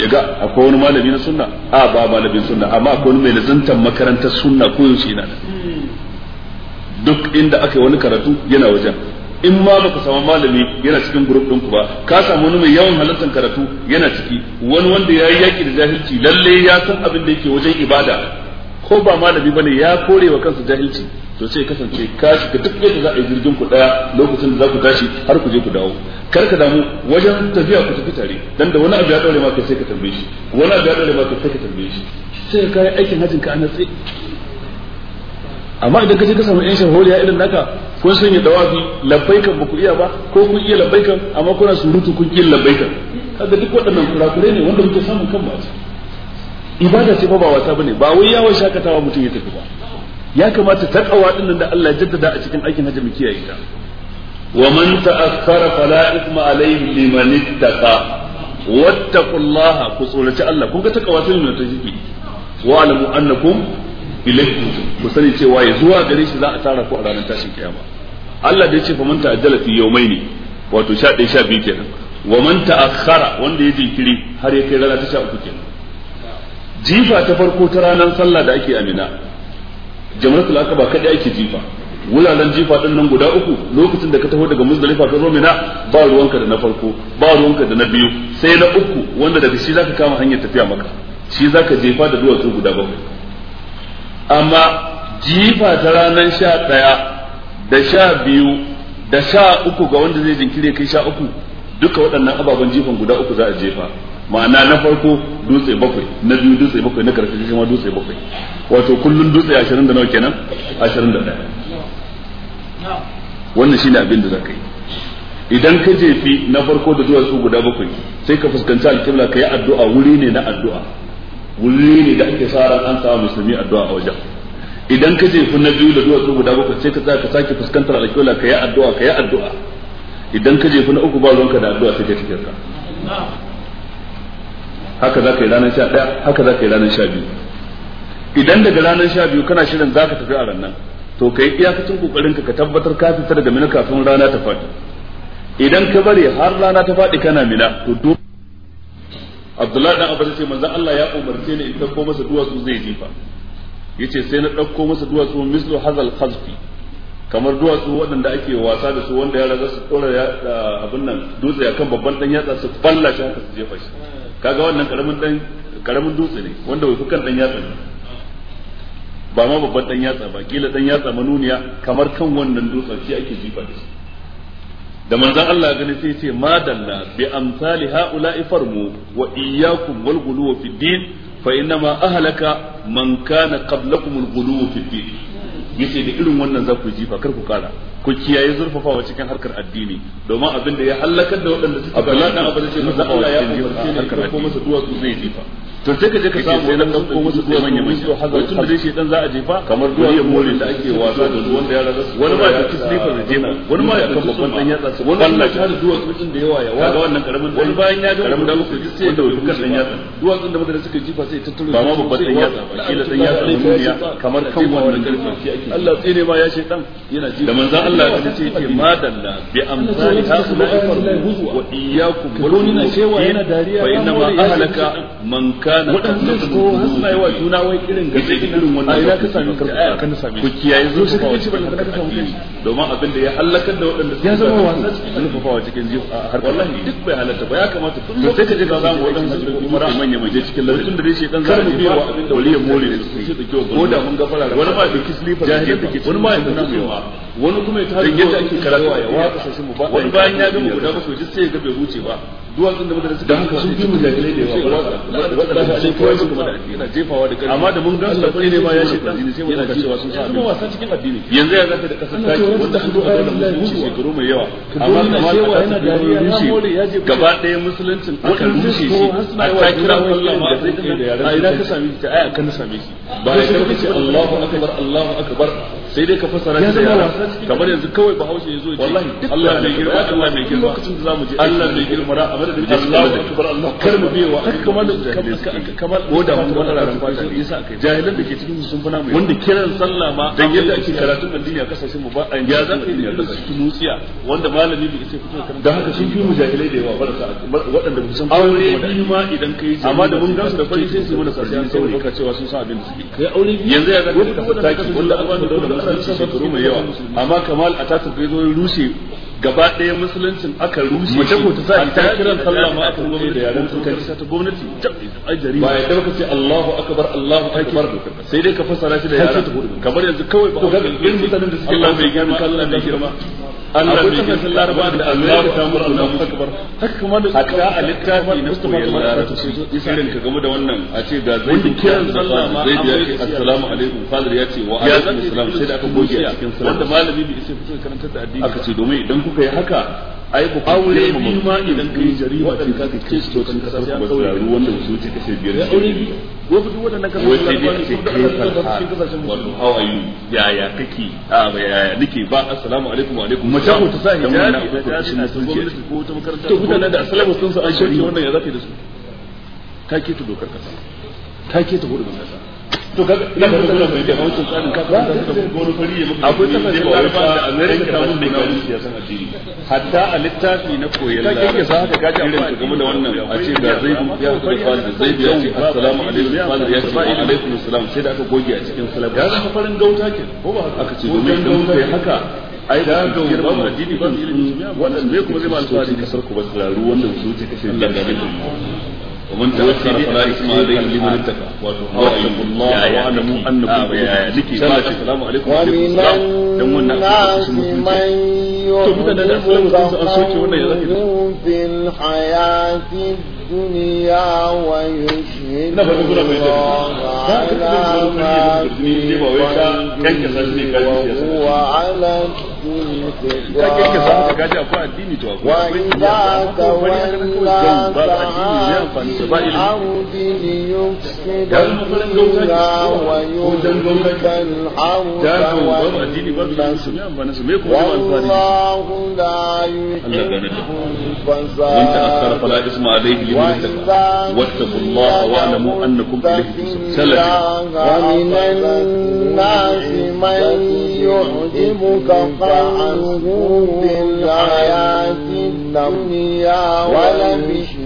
ya ga akwai wani malami na sunna a ba malamin sunna amma akwai wani mai lazantar makarantar sunna koyon yaushe na duk inda aka yi wani karatu yana wajen in ma baka samu malami yana cikin group ku ba ka samu wani mai yawan halartar karatu yana ciki wani wanda ya yi yaki da jahilci lalle ya san abin da yake wajen ibada ko ba malami bane ya kore wa kansa jahilci to sai kasance ka shiga duk yadda za a yi jirgin ku daya lokacin da za ku tashi har ku je ku dawo kar ka damu wajen tafiya ku tafi tare dan da wani abu ya daure maka sai ka tambaye shi wani abu ya daure maka sai ka tambaye shi sai ka yi aikin hajin ka a natsi amma idan ka je ka samu yan shaholiya irin naka kun san ya dawafi labbaikan baku iya ba ko kun iya labbaikan amma kuna surutu kun iya labbaikan kaga duk waɗannan kurakurai ne wanda muke samun kan a ciki ibada ce ba ba wasa bane ba wai yawon shakatawa mutum ya tafi ba ya kamata ta din nan da Allah ya jaddada a cikin aikin hajji mu kiyaye ta wa man ta'akkara fala ithma alayhi liman ittaqa wattaqullaha ku tsoraci Allah kun ga takawa sun ne ta jiki wa alamu annakum ilayhi ku sani cewa ya zuwa gare shi za a tara ku a ranar tashin kiyama Allah da ya ce fa man ta'ajjala fi ne. wato sha sha biyu kenan wa man ta'akhkhara wanda ya jinkiri har ya kai rana ta uku kenan jifa ta farko ta ranar sallah da ake amina jama'atul akaba kaɗai ake jifa wuraren jifa din nan guda uku lokacin da ka taho daga muzdalifa ka zo mina ba ruwanka da na farko ba ruwanka da na biyu sai na uku wanda daga shi zaka kama hanyar tafiya maka shi zaka jefa da duwatsu guda bakwai amma jifa ta ranar sha ɗaya da sha biyu da sha uku ga wanda zai jinkire kai sha uku duka waɗannan ababen jifan guda uku za a jefa ma'ana na farko dutse bakwai na biyu dutse bakwai na karfe shi ma dutse bakwai wato kullun dutse ashirin da nawa kenan ashirin da ɗaya wannan shine abin da za ka yi idan ka jefi na farko da duwatsu guda bakwai sai ka fuskanci alƙibla ka yi addu'a wuri ne na addu'a wuri ne da ake sa ran an samu musulmi addu'a a wajen idan ka kun na biyu da duwatsu guda bakwai sai ka tsaya ka sake fuskantar alƙawla ka yi addu'a ka yi addu'a idan ka je na uku ba ruwanka da addu'a sai ka cikin ka haka za ka yi ranar sha ɗaya haka za ka yi ranar sha biyu idan daga ranar sha biyu kana shirin za ka tafi a nan, to ka yi iyakacin ƙoƙarinka ka tabbatar ka fita daga mina kafin rana ta faɗi idan ka bari har rana ta faɗi kana mina to duk abdullahi dan abbas ce manzon Allah ya umarce ni in dauko masa duwatsu zai jifa yace sai na dauko masa duwatsu mislu hazal khazfi kamar duwatsu waɗanda ake wasa da su wanda ya raga su tsora abin nan dutse ya kan babban dan yatsa su falla shi haka su jefa shi kaga wannan karamin dan karamin dutse ne wanda wai kan dan yatsa ne ba ma babban dan yatsa ba kila dan yatsa manuniya kamar kan wannan dutsen shi ake jifa da shi da manzon Allah gani sai ce madalla bi amsali haula'i farmu wa iyyakum wal ghuluw fi din fa innama ahlaka man kana qablakum al ghuluw fi din yace da irin wannan za ku jifa kar ku kara ku kiyaye zurfafawa cikin harkar addini domin abin da ya halakar da waɗanda suka Abdullahi dan Abbas ce masa Allah ya umarce ne ko masa duwatsu zai jifa to sai ka je ka samu wani dan ko musu sai manya manya wai tun da dai shedan za a jefa kamar duwan more da ake wasa da duwan da yara su wani ma ya ci slipper da jefa wani ma ya kafa babban dan yatsa wani Allah ya hada duwan din da yawa ya wada wannan karamin wani bayan ya ga karamin dan su sai da wani dan yatsa duwan da madara suka jifa sai tattaro ba ma babban dan yatsa ba kila dan yatsa kamar kan wannan shi ake Allah tsine ma ya yana jifa da manzon Allah ya ce yake madalla bi amsali wa iyyakum yana dariya fa inna ma ahlaka man ka waɗannan suna yawa juna wai irin gaske irin wannan a ina ka sami karfi sami ku kiyaye su ka kai domin abin da ya halakar da waɗanda ya zama wasa alfafawa cikin jiya har wallahi duk bai halatta ba ya kamata duk lokacin da je ka samu waɗansu da kuma ra manya manje cikin lokacin da dai shedan za mu biya abin da waliyan more su ko da mun ga wani ma da kislifa wani ma ya nuna wani kuma ya tashi yadda ake karatu ya waka sai mu ba wani bayan ya guda ba sai ga bai huce ba duwatsun da mutane suka haka sun fi mu da yawa ne ga da a a da ya a aya kan ba ya Allahu akbar sai dai ka fasara shi da yara kamar yanzu kawai bahaushe ya zo ya ce Allah mai girma Allah mai girma lokacin da zamu je Allah mai girma ra da madadin Allah akbar Allah kar mu biye wa biyewa kamar kamar boda mun wannan ran fashi yasa kai jahilan da ke cikin sun fana mai wanda kiran sallah ma dan yadda ake karatun da duniya kasashen mu ba an ya zan yi da su musiya wanda malami bai ce fito kan da haka sun fi mu jahilai da yawa barka wadanda ba san aure biyu ma idan kai ji amma da mun ga su da farin sai su mana sarjin sai ka cewa sun san abin da suke kai aure biyu yanzu ya ga ta ki wanda an ba da musulunci shekaru mai yawa amma kamal a tasa bai zo rushe gaba ɗaya musuluncin aka rushe mace ko ta sa ta kiran sallah ma aka gwamnati da yaran sun kai ta gwamnati ajari ba yadda ka ce Allahu akbar Allahu akbar sai dai ka fassara shi da yaran kamar yanzu kawai ba ga irin da suke Allah bai gani kallon da girma akwai kasashen laraba da amerika ta mura allahu akbar kuma da hatta a littafi na koyon larabci irin ka game da wannan a ce ga zai kiran ma zai ya ce assalamu alaikum fadar ya ce wa alaikum assalam sai da aka goge a cikin sallah wanda malami bai isa fitar karantar da addini aka ce domin idan kuka yi haka ai ku aure biyu ma idan kai jarima ce ka kasar ba su wanda biyar aure ko kasar ce kai wato how are you kake a ba nake ba assalamu alaikum wa alaikum ko ta da ta na ko ta makaranta to da sun sa an wannan ya da su ka ke ta dokar kasa ka ke ta hudu kasa to ga ina bai da wancan tsarin ka ba da fari ya muku da amerika mun da kawai siyasan addini hatta a littafi na koyon la kake sa haka kaji irin ka game da wannan a ce ga zai ya da zai biya ce assalamu alaikum ya ce alaikum assalam sai da aka goge a cikin salama ya farin gauta ke ko ba haka ce domin dan kai haka ai da ga ba wannan kuma zai ba kasar ku ba tsararru wannan su kashe da ومن تأخر فلا إثم عليه لمن اتقى واتقوا الله واعلموا أنكم لكي السلام عليكم ومن الناس من يعجبه في الحياة الدنيا ويشهد الله على ما في وهو على ka kike samu ka gaji akwai addini to akwai akwai ba addini ne amfani da ba ilimi dan mukulin gauta ko dan da ko ba addini ba da su ne amfani su Allah ga fala isma annakum wa يعجبك قعره في الحياة الدنيا ولبشر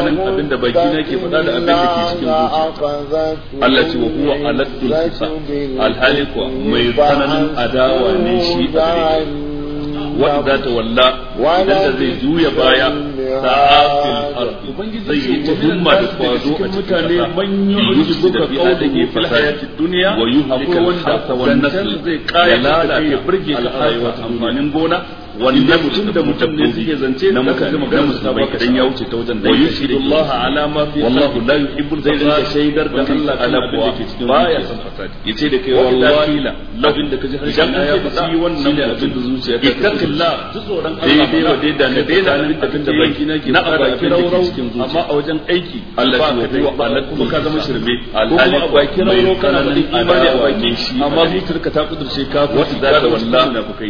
tsakanin abin da baki na ke faɗa da abin da ke cikin zuciya Allah ce wa huwa aladdul fisa alhali kuwa mai tsananin adawa ne shi a gare wanda ta walla. wanda zai juya baya sa'afil zai yi ta himma da kwazo a cikin ƙasa yusu da ke wa yuhlikal harsa wan nasl ya lalata amfanin gona wanda mutum da mutum ne suke zance na muka gama ga musabai idan ya wuce ta wajen da ya shi Allah ala ma fi la zai rinka shaidar da Allah baya san fasadi yace da kai wallahi la da kaji har ya wannan abin da zuciya ta ji tsoron Allah abin da da ne tsakanin abin da baki na ke fara cikin zuciya amma a wajen aiki Allah ya yi wa Allah kuma ka zama shirme alhali a baki rauro kana da imani a baki shi amma zuciyarka ta kudurce ka da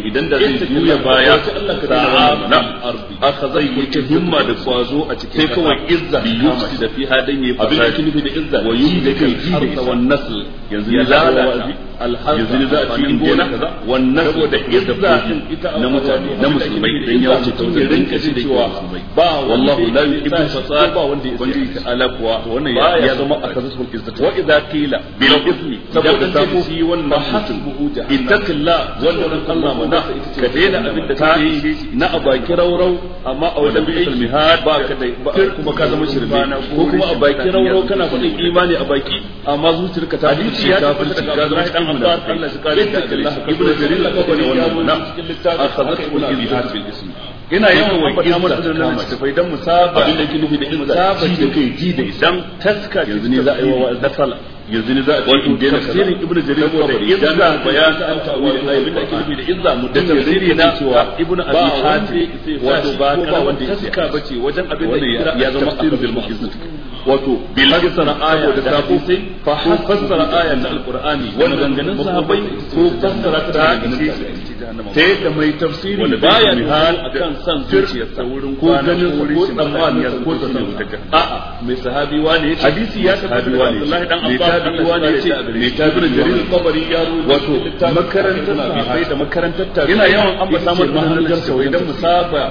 idan da zai juya baya sa'a na yake himma da kwazo a cikin sai kawai izza yusi da fi hadin ya abin da ke nufi da izza wa yusi da kai da wannan nasl yanzu ya lalace yanzu ne za a ci in gona wannan saboda izza na mutane na musulmai dan ya ce tun da rinka shi cewa ba wallahu la yuhibbu fasad ba wanda ya bangi ta ala kuwa wannan ya zama akasul izza wa idza qila bil ismi saboda sako shi wannan hasbuhu jahannam ittaqilla wannan Allah mana ka daina abin da kake yi na abaki raurau amma a wajen musulmi har ba ka da kuma ka zama shirme ko kuma a baki raurau kana faɗin imani a baki amma zuciyarka ta zuciya ta ka zama dan haddad Allah shi kare ta gare shi dan abin da yake da izhar ji da kai ji da taska yanzu ne za a yi wa nasala yanzu ne za a wani inda tafsirin ibn jarir ko da izza bayan an da na nufi da izza mudan tafsiri na abi hatim wato ba kana wanda taska bace wajen abin da ya zama tafsirul muhazzab wato bilal sana aya da safi fa fassara aya ta alqur'ani wannan ganganin sahabbai ko fassara ta da ta yadda mai tafsiri baya hal akan san zuciyarsa wurin ko ganin ko tsammani ko tsammani a'a mai sahabi wani ce hadisi ya sahabi wani Abdullahi dan Abbas sahabi wani yace mai tabirin jarir qabari ya wato makarantar sahabbai da makarantar tabi'i yana yawan ambata mu mahanjar kawai dan musaba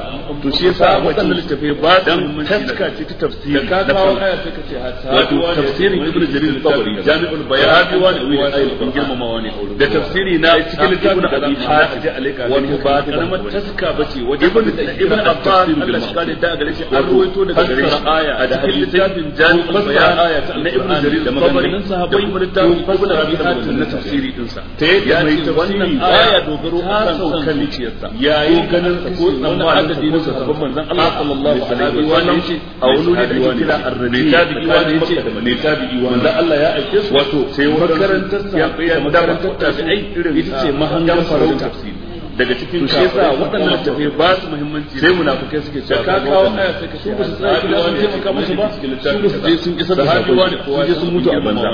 to shi yasa wannan littafi ba dan taska ta tafsiri da ka kawo wato tafsirin ibnu jarir tabari jami'ul bayan wa tawil ayyul kun girmamawa ne da tafsiri na cikin littafin abi hatim wato ba karamar taska bace wajen ibnu ibnu abbas bil maqali da gare shi an ruwaito daga gare shi aya da cikin littafin jami'ul bayan na ibnu jarir da maganganun sahabbai ibnu littafin ibnu abi hatim na tafsiri din sa ta yadda mai tafsiri aya dogaro kan saukan liciyarsa yayin ganin ko nan ma da dinin sahabban manzon Allah sallallahu alaihi wa sallam a wani ne da kira arrabi tabi'i wani yace ne tabi'i Allah ya aike su wato sai makarantar sa ya makarantar ta sai irin ita ce mahangar daga cikin shi yasa waɗannan tafi ba su muhimmanci sai munafikai suke cewa ka kawo aya sai ka su ba su da wani taimaka musu ba su je sun isa da sahabi wani sun mutu a banza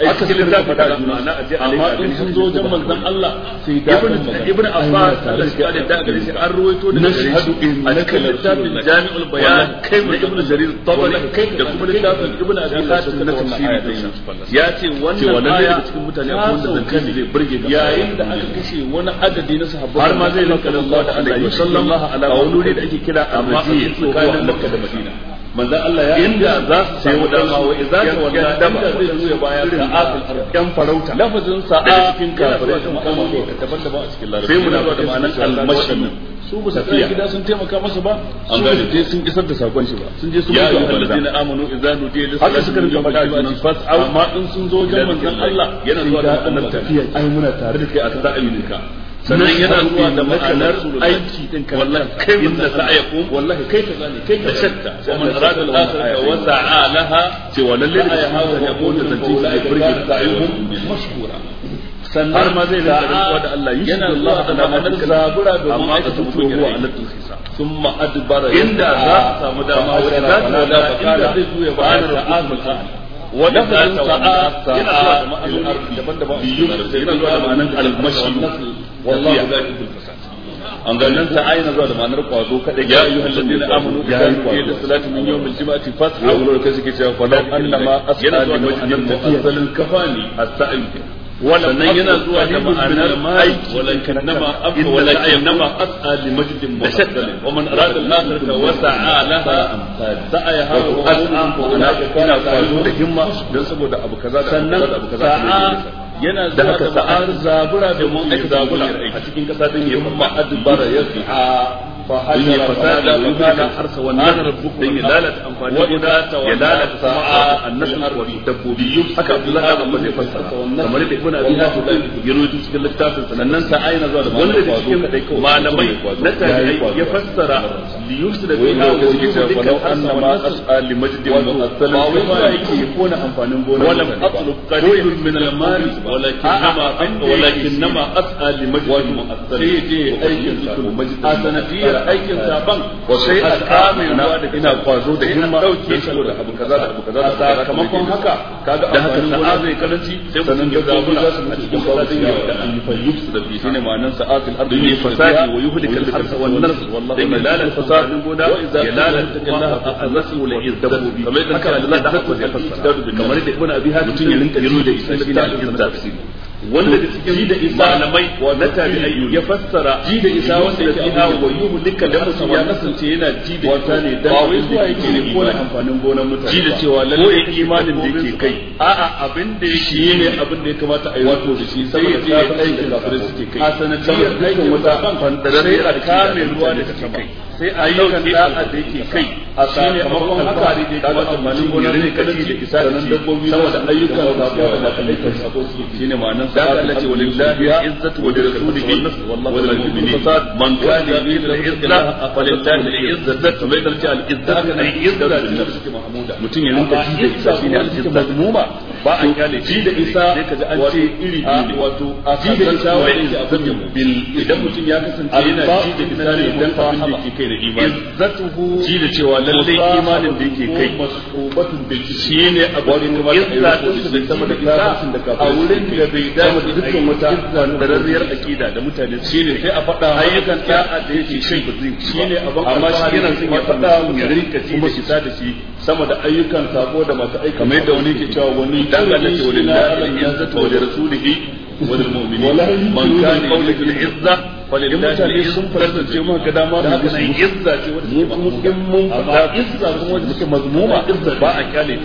aka cikin da faɗa juna amma in sun zo wajen manzon Allah sai da ibn ibn Abbas Allah shi da da gare shi an ruwaito da shi a cikin littafin Jami'ul Bayan kai da ibn Jarir Tabari kai da kuma littafin ibn Abi Hatim na tafsiri ya ce wannan aya cikin mutane akwai wanda zan kace zai burge ga yayin da aka kashe wani adadi na sahabbai har ma zai laka Allah da Allah sallallahu alaihi wa sallam wani da ake kira Amadi tsakanin Makka da Madina manzo Allah ya inda za su samu dama wa idza ka walla inda zai juya baya ka akal arkan farauta lafazin sa a cikin kafirai da kuma da daban-daban a cikin larabci sai muna ba da ma'anar al-mashmi su ba su tsaya gida sun taimaka masa ba an sun isar da sakon shi ba sun je sun ya yi amanu idza nudiya lis haka suka rinka faɗa a fas amma in sun zo wajen manzon Allah yana zuwa da annabta ai muna tare da kai a sa'ayin ka sannan yana zuwa da ma'anar aiki din ka wallahi kai mun da sa'ayku wallahi kai ka zani kai ka shatta wa man arada akhirata wa sa'a laha ce wa lalle da hawa ya bota zanci sai burge sa'ayhum mashkura sannan ma zai da rantsuwa da Allah yi shi Allah ala madan zabura da amma ka tuto ruwa ala tulhisa thumma adbara inda za a samu dama wajen za ta da zai zo ya ba da ta'ala lafazin sa'a yana zuwa da ma'anar arfi daban yana zuwa da an ganin ta ayyana zuwa da ma'anar kwazo kada ya ayyuha alladheena amanu bi salati da salati min yawm al-jum'ati wa la kasika fa law annama min kafani as-sa'i wannan yana zuwa da ma'anar mai walakin nama abda walakin nama as'a li majdin mufaddal wa man arada al-akhirata wa sa'a laha sa'aha wa as'a wa ana kana kwazo da himma dan saboda abu kaza da sannan abu kaza yana zuwa da ma'anar zabura da mu'min zabura a cikin kasa din ya mamma adbara ya fi'a in ya fasada wa yuzrika harsa wa nahra lalata amfani ya lalata dabbobi haka Abdullahi ba zai fassara kamar da cikin littafin sanannan sa ayina zuwa da da cikin malamai na ya fassara ba wa da aikin saban wa sai na ina kwazo da himma dauke da abu kaza da abu kaza da sakamakon haka kaga da haka sa'a zai karanci sai da zabuna a cikin kwazo da an fa da fi shine ma'anan sa'at al-ardi bi fasadi wa yuhlik al-harsa wal nas wallahi la ilaha illa goda ya la a rasu la bi kamar da Allah da haka ya kamar da ibn abi hadin ya rinka da shi da tafsiri wanda da cikin da isa malamai na tabi'ai ya fassara ji da isa wanda yake ina wayu. dukkan da mutum ya kasance yana ji da wata ne da wai zuwa yake ne ko na amfanin gonar mutane ji da cewa lalle imanin da yake kai a'a abin da yake ne abin da ya kamata a yi wato da shi saboda ta aikin da suke kai a sanadiyar aikin wata amfani da sai a kame ruwa da take kai ayyukan kan da yake kai a sakamakon haka da ga amfanin gonar ne kaci da isa da dabbobi saboda ayyukan da ba da kalikan sako su shine ma'anar sa Allah ce walillahi izzatu wa rasulihi wa lil mu'minin man kana yuridu da izza falillahi al-izzatu bai dalci al-izza kana mahmuda mutun ya da isa al-izza ba a kyale shi da isa wato iri biyu wato ji da isa wani ke abin yabo idan mutum ya kasance yana shi da isa ne idan abin da yake kai da imani izzatuhu shi da cewa lallai imanin da yake kai masubatun da shi ne abin da ya a yi da sama da isa a wurin da bai dace da dukkan wata dararriyar akida da mutane shi ne sai a faɗa ayyukan da'a da yake shi ba zai shi ne abin amma shi yana son ya faɗa mu rinka ji da isa da shi sama da ayyukan sako da masu aika mai yadda wani ke cewa wani Allah ta ce walillahi al-izzatu wa lirasulihi wa lil mu'minin man kana yuridu al-izza falillahi al-izzu kasance mun ka dama da haka nan izza ce wanda mu kuma in ba a kyale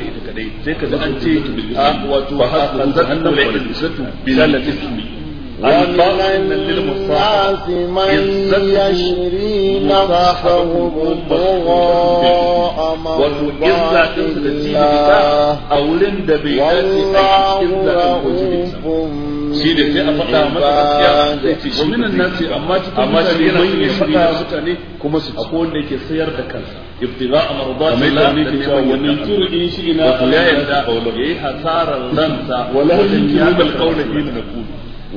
ومن الناس من يشري نفسه ابتغاء مرضات الله والله رؤوف shi ne sai a faɗa masa gaskiya sai ce shi minan nasi amma cikin amma shi yana son ya faɗa mutane kuma su akwai wanda yake sayar da kansa ibtiga amradati Allah da ne cewa wannan turu in shi ina Allah ya yarda yayi hasaran ranta wallahi yabal qawla hina naqulu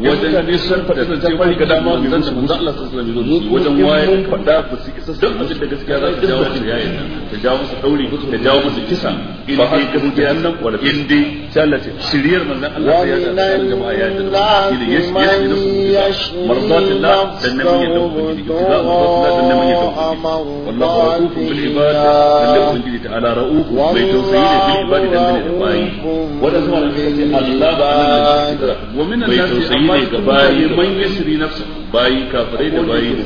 wajen sun faɗa sun ce wani gada ma zan da manzo Allah sallallahu alaihi wasallam wajen waye faɗa ba su kisa duk abin da gaskiya za ta jawo su yayin ta jawo musu dauri ta jawo musu kisa in dai gaskiya nan wala in dai ce shiriyar manzo Allah ya da jama'a ya ta da yashi yashi da marzatillah dan nabi ya dauka gidi ga marzatillah dan nabi ya dauka wallahu raufun bil ibad dan nabi ya ta'ala rauf bai tausayi da bil ibad dan nabi ya Allah ba nan da wa min ne ga bayi man yasri nafsa bayi kafirai da bayi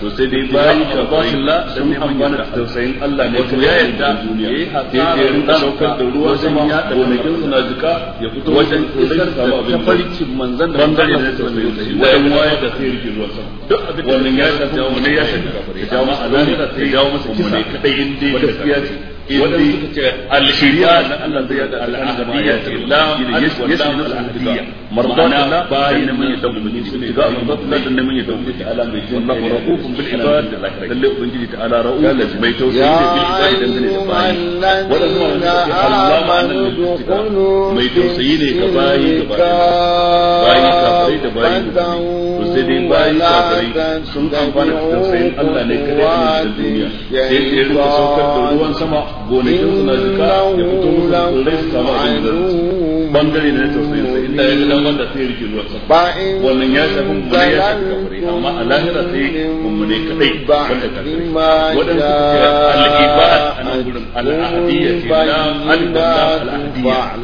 to sai dai bayi kafirai da neman yarda tausayin Allah ne wato ya yarda yayi haka ya rinka saukar da ruwa sama gonakin suna jika ya fito wajen iskar samu abin da farkin manzon da bangare da tausayin wajen waya da sai rike ruwa sama duk abin wannan ya san jawo ne ya san kafirai jawo masa alani da jawo masa kisa kadai inda gaskiya ce wadanda suka ce al-shari'a Allah zai yada al-ahadiyya la al-yashwa la al-ahadiyya ma'ana bayan neman ya tabu miji su ne ga Allah dan neman ya tabu miji ala mai jin wallahu ra'ufun bil ibad lalle ubangiji ta ala ra'ufun mai tausayi ne bil ibad ne bayi wannan ma wanda ke Allah ma'anan mai ne ga bayi ga bayi kafirai da bayi to sai dai bayi ne ruwan sama gonakin suna jika ya fito musu tsirrai bangare na tausayin sa inda ya ga damar da sai rike ruwa ba wannan ya shafi mu ne ya shafi kafare amma a lahira sai mu ne kadai wanda kafare wadanda suke al'ibadat a nan gurin al'ahadiyya ce na al'ahadiyya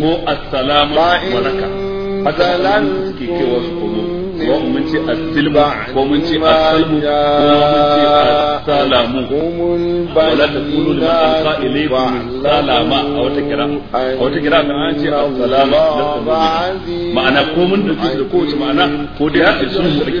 ko assalamu baraka haka suke kewa su komo ko mun ce as-silba ko mun ce as ko mun ce as-salamu wala takunu liman alqa ilaykum salama a wata aw a aw takira kan an ce as-salama ma'ana ko mun da su ko wace ma'ana ko dai haka sun mu ake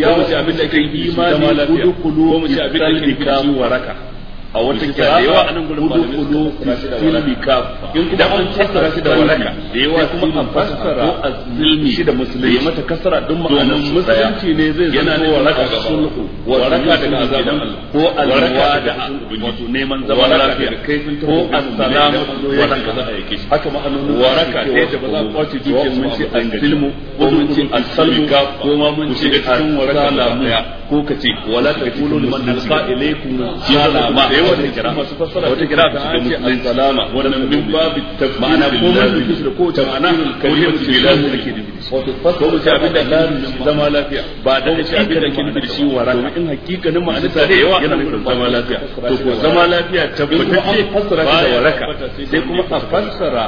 ya wuce abin da kai imani ko mun ce abin da kai kamu waraka a wata kira da yawa anan gurin malamai suka silmi kafa in an fassara shi da walaka da yawa kuma an fassara ko azilmi shi da musulunci ya mata kasara don ma'ana musulunci ne zai zama yana walaka ga sulhu walaka da azaban ko alwa da wato neman zaman lafiya ko assalamu walaka za a yake shi haka ma'anonin waraka da yadda ba za a kwace dukkan mun ce azilmu ko mun ce asalmu ko ma mun ce da ko kace walaka kullu liman alqa ilaykum salama cikin wata kira wata kira ta ce al-salama wannan min babu tafsir ma'ana komai da kisa da kowace ma'ana kawai mu ce da ke nufi wato fasu mu ce abin da lafiya zama lafiya ba da ce abin da ke da shi waraka in hakikanin ma'ana ta da yawa yana nufin zama lafiya to ko zama lafiya tabbatacce fasara da waraka sai kuma a fassara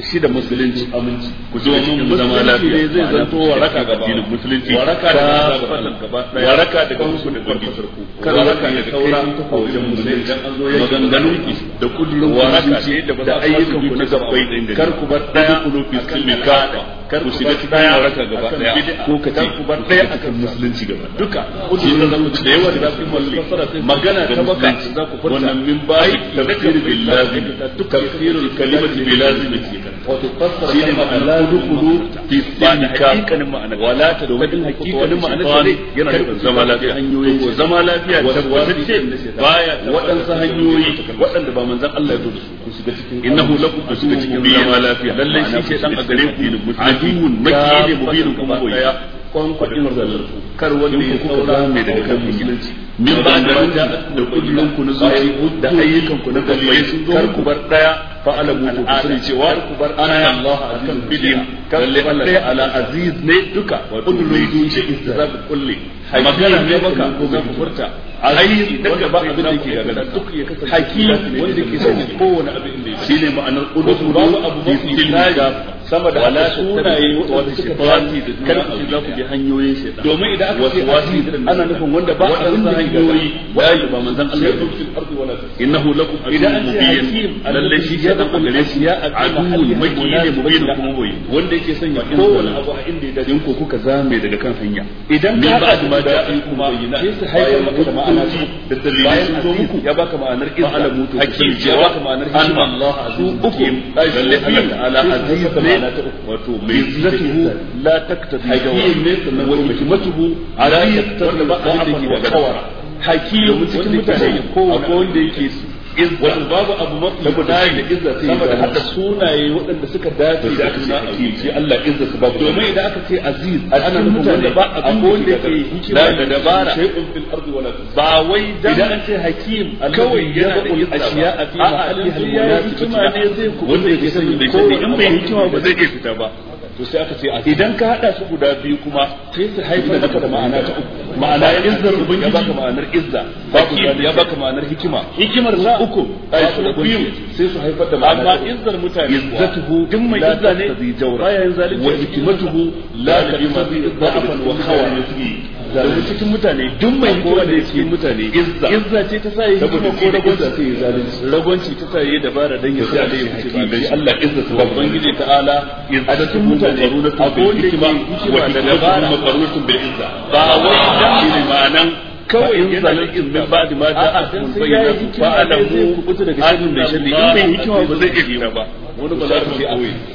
shi da musulunci aminci ku ji wani zama lafiya zai zanto waraka gaba musulunci waraka da fatan gaba daya waraka ku da waraka saura ta musulunci dan an zo maganganun ki da kullun waraka da ayyukan ku na kar ku bar daya ku shiga cikin waraka gaba daya ko ka ce ku bar daya akan musulunci gaba duka ci da yawa da magana ta baka za ku furta wannan min bai tafsir bil lazim tafsir al kalimati bil lazim wa tufassara shi ne ma'ana dukulu fi hakikanin ma'ana wala ta domin hakikanin ma'ana yana da zama lafiya ko zama lafiya tabbatacce baya waɗansu hanyoyi waɗanda ba manzon Allah ya zo su shiga cikin innahu lakum cikin zama lafiya lalle shi ke dan a gare ku aduwun maki ne mubinin kuma boye kwankwadin zallarku kar wanda ya saura mai daga kan musulunci min ba da wanda da kullun ku na zuci da ayyukan ku na kalmai sun ku bar daya fa alamu ku sani cewa ana ya Allah akan bidin kalle Allah ala aziz ne duka wa kullu yudunce istizab kulli magana ne baka ko zan furta aziz daga ba abin da yake gagara duk ya kasance hakim wanda ke sani kowane abin da yake shine ma'anar qudus babu abu mafi sama da wala sunaye wanda suka fasi da duniya kar ku za ku bi hanyoyin shaytan domin idan aka ce wasi ana nufin wanda ba a da hanyoyi ba manzon Allah ya dauki innahu lakum idan mubin lalle shi ya da gare shi ya adu maki ne mubin kuma boye wanda yake sanya kowane abu a inda ya dace ko kuka zame daga kan hanya idan ka ba ma da kuma sai su haifar maka da ma'ana da dalilai sun muku ya baka ma'anar izalamu hakki ya baka ma'anar hikma Allah azu uku lalle Allah ta'ala aziz ma'ana ta uku wato mai zatuhu la taktabi hakim ne sannan wa hikmatuhu kawara ko wanda yake wato babu abu mafi saboda hada sunaye waɗanda suka dace da suna aziz Allah izza su babu domin idan aka ce aziz ana nufin wanda ba abin da ke hikima da dabara shay'un fil ardi wala ba wai dan idan an ce hakim kawai yana da izza ashiya a fi mahalliha al-munasibati wanda ke sani da in bai hikima ba zai iya fita ba to sai aka ce a idan ka hada su guda biyu kuma sai su haifar da da ma'ana ta uku ma'ana izzar ubangiji ya baka ma'anar izza babu ya baka ma'anar hikima hikimar la uku ai su biyu sai su haifar da ma'ana amma izzar mutane izzatuhu duk mai izza ne baya yin wa hikimatuhu la tabi ma bi da'afan wa khawa cikin mutane duk mai kowa da cikin mutane izza izza ce ta sa yi hikima ko ta yi zalunci ragonci ta sa yi dabara dan ya da ya hikima Allah izza ta babban gije ala a cikin mutane a kowace hikima wa dabara bil izza ba wai dan ma'anan kawai in zalin izmin ba da mata a bayyana ku daga shirin da shirin in bai hikima ba zai iya ba wani ba za ce a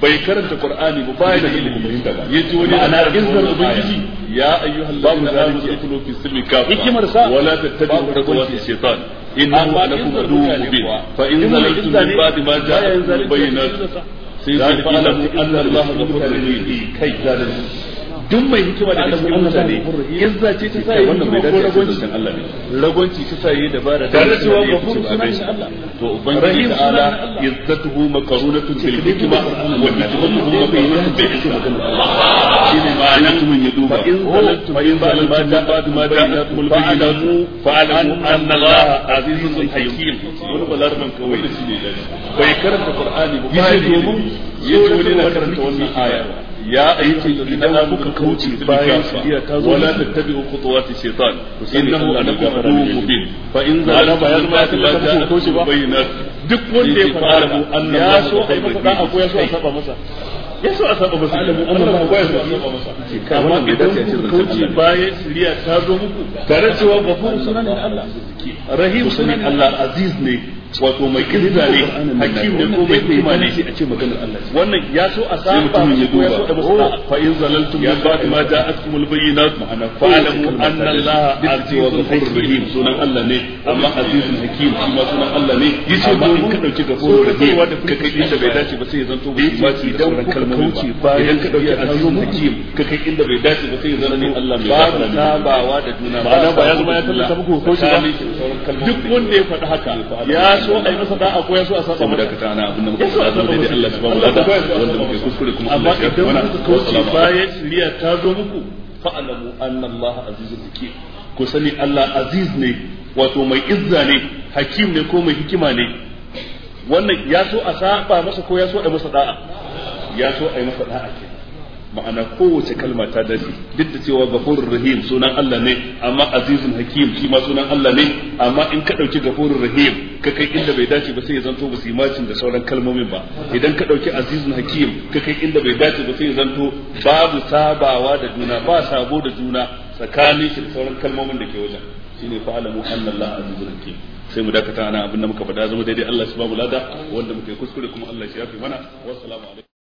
bai karanta qur'ani ba bai da ilimin fahimta ba yaji wani ana izar ubangiji ya ayyuhal ladina amanu idkhulu fi silmi kafa hikimar sa wala tattabi'u khutuwati shaytan innahu lakum aduwwun mubin fa in zalaytum min ba'di ma ja'akum bayyinat sai Allah Allah kai zalimi duk mai hikima da cikin mutane izza ce ta sai wannan bai dace da zancen Allah ne ragonci ta sai yi dabara da da cewa Allah to ubangiji ta'ala izzatuhu makarunatun bil hikma wa hikmatuhu makarunatun bil hikma shine ma'ana mutumin ya duba fa in ba al mata ba ma da kul bayyinatu fa alamu anna Allah azizun hakim wani balarban kawai bai karanta qur'ani ba ya domin ya wani na karanta wannan aya ya ayyuka idan kuka kauce bayan shari'a ta zo wala tattabi'u khutuwati shaytan innahu anakum aduwwun mubin fa in zalama bayan ma ta kauce ba duk wanda ya fara mu annabi ya so ai maka da akwai ya so a saba masa ya so a saba masa alamu annabi ba ya so a saba masa amma idan kuka bayan shari'a ta zo muku tare cewa gafur sunan Allah rahim sunan Allah aziz ne wato mai kirza ne hakim ne ko mai hikima ne a ce maganar Allah wannan ya so a saba shi ko ya so da musa fa in zalaltum min ba'di ma ja'atkumul bayyinat fa'lamu anna Allah azizun hakim sunan Allah ne amma azizun hakim shi ma sunan Allah ne yace ba in ka dauki gafuru rahim ka kai inda bai dace ba sai ya zanto bai ba ci da sauran kalmomi ba idan ka dauki azizun hakim ka kai inda bai dace ba sai ya zanto Allah mai ba sabawa da juna ba ba ya zama ya tallata ko shi ba duk wanda ya faɗi haka ya ya so a yi masa da'a ko ya so a saba mata ka tana abin da muka faɗa saboda dai Allah subhanahu wa ta'ala wanda muke kuskure kuma Allah ya kafa wani kauce bayan shiriya ta zo muku fa'alamu anna Allah azizul hakim ko sani Allah aziz ne wato mai izza ne hakim ne ko mai hikima ne wannan ya so a saba masa ko ya so a yi masa da'a ya so a yi masa da'a ke ma'ana kowace kalma ta dace duk da cewa gafurur rahim sunan Allah ne amma azizun hakim shi ma sunan Allah ne amma in ka dauki gafurur rahim ka kai inda bai dace ba sai ya zanto ba su da sauran kalmomin ba idan ka dauki azizun hakim ka kai inda bai dace ba sai ya zanto babu sabawa da juna ba sabo da juna tsakanin shi da sauran kalmomin da ke wajen shine fa alamu anna Allah azizun hakim sai mu dakata ana abin da muka faɗa zama daidai Allah shi babu lada wanda muke kuskure kuma Allah shi fi mana wassalamu alaikum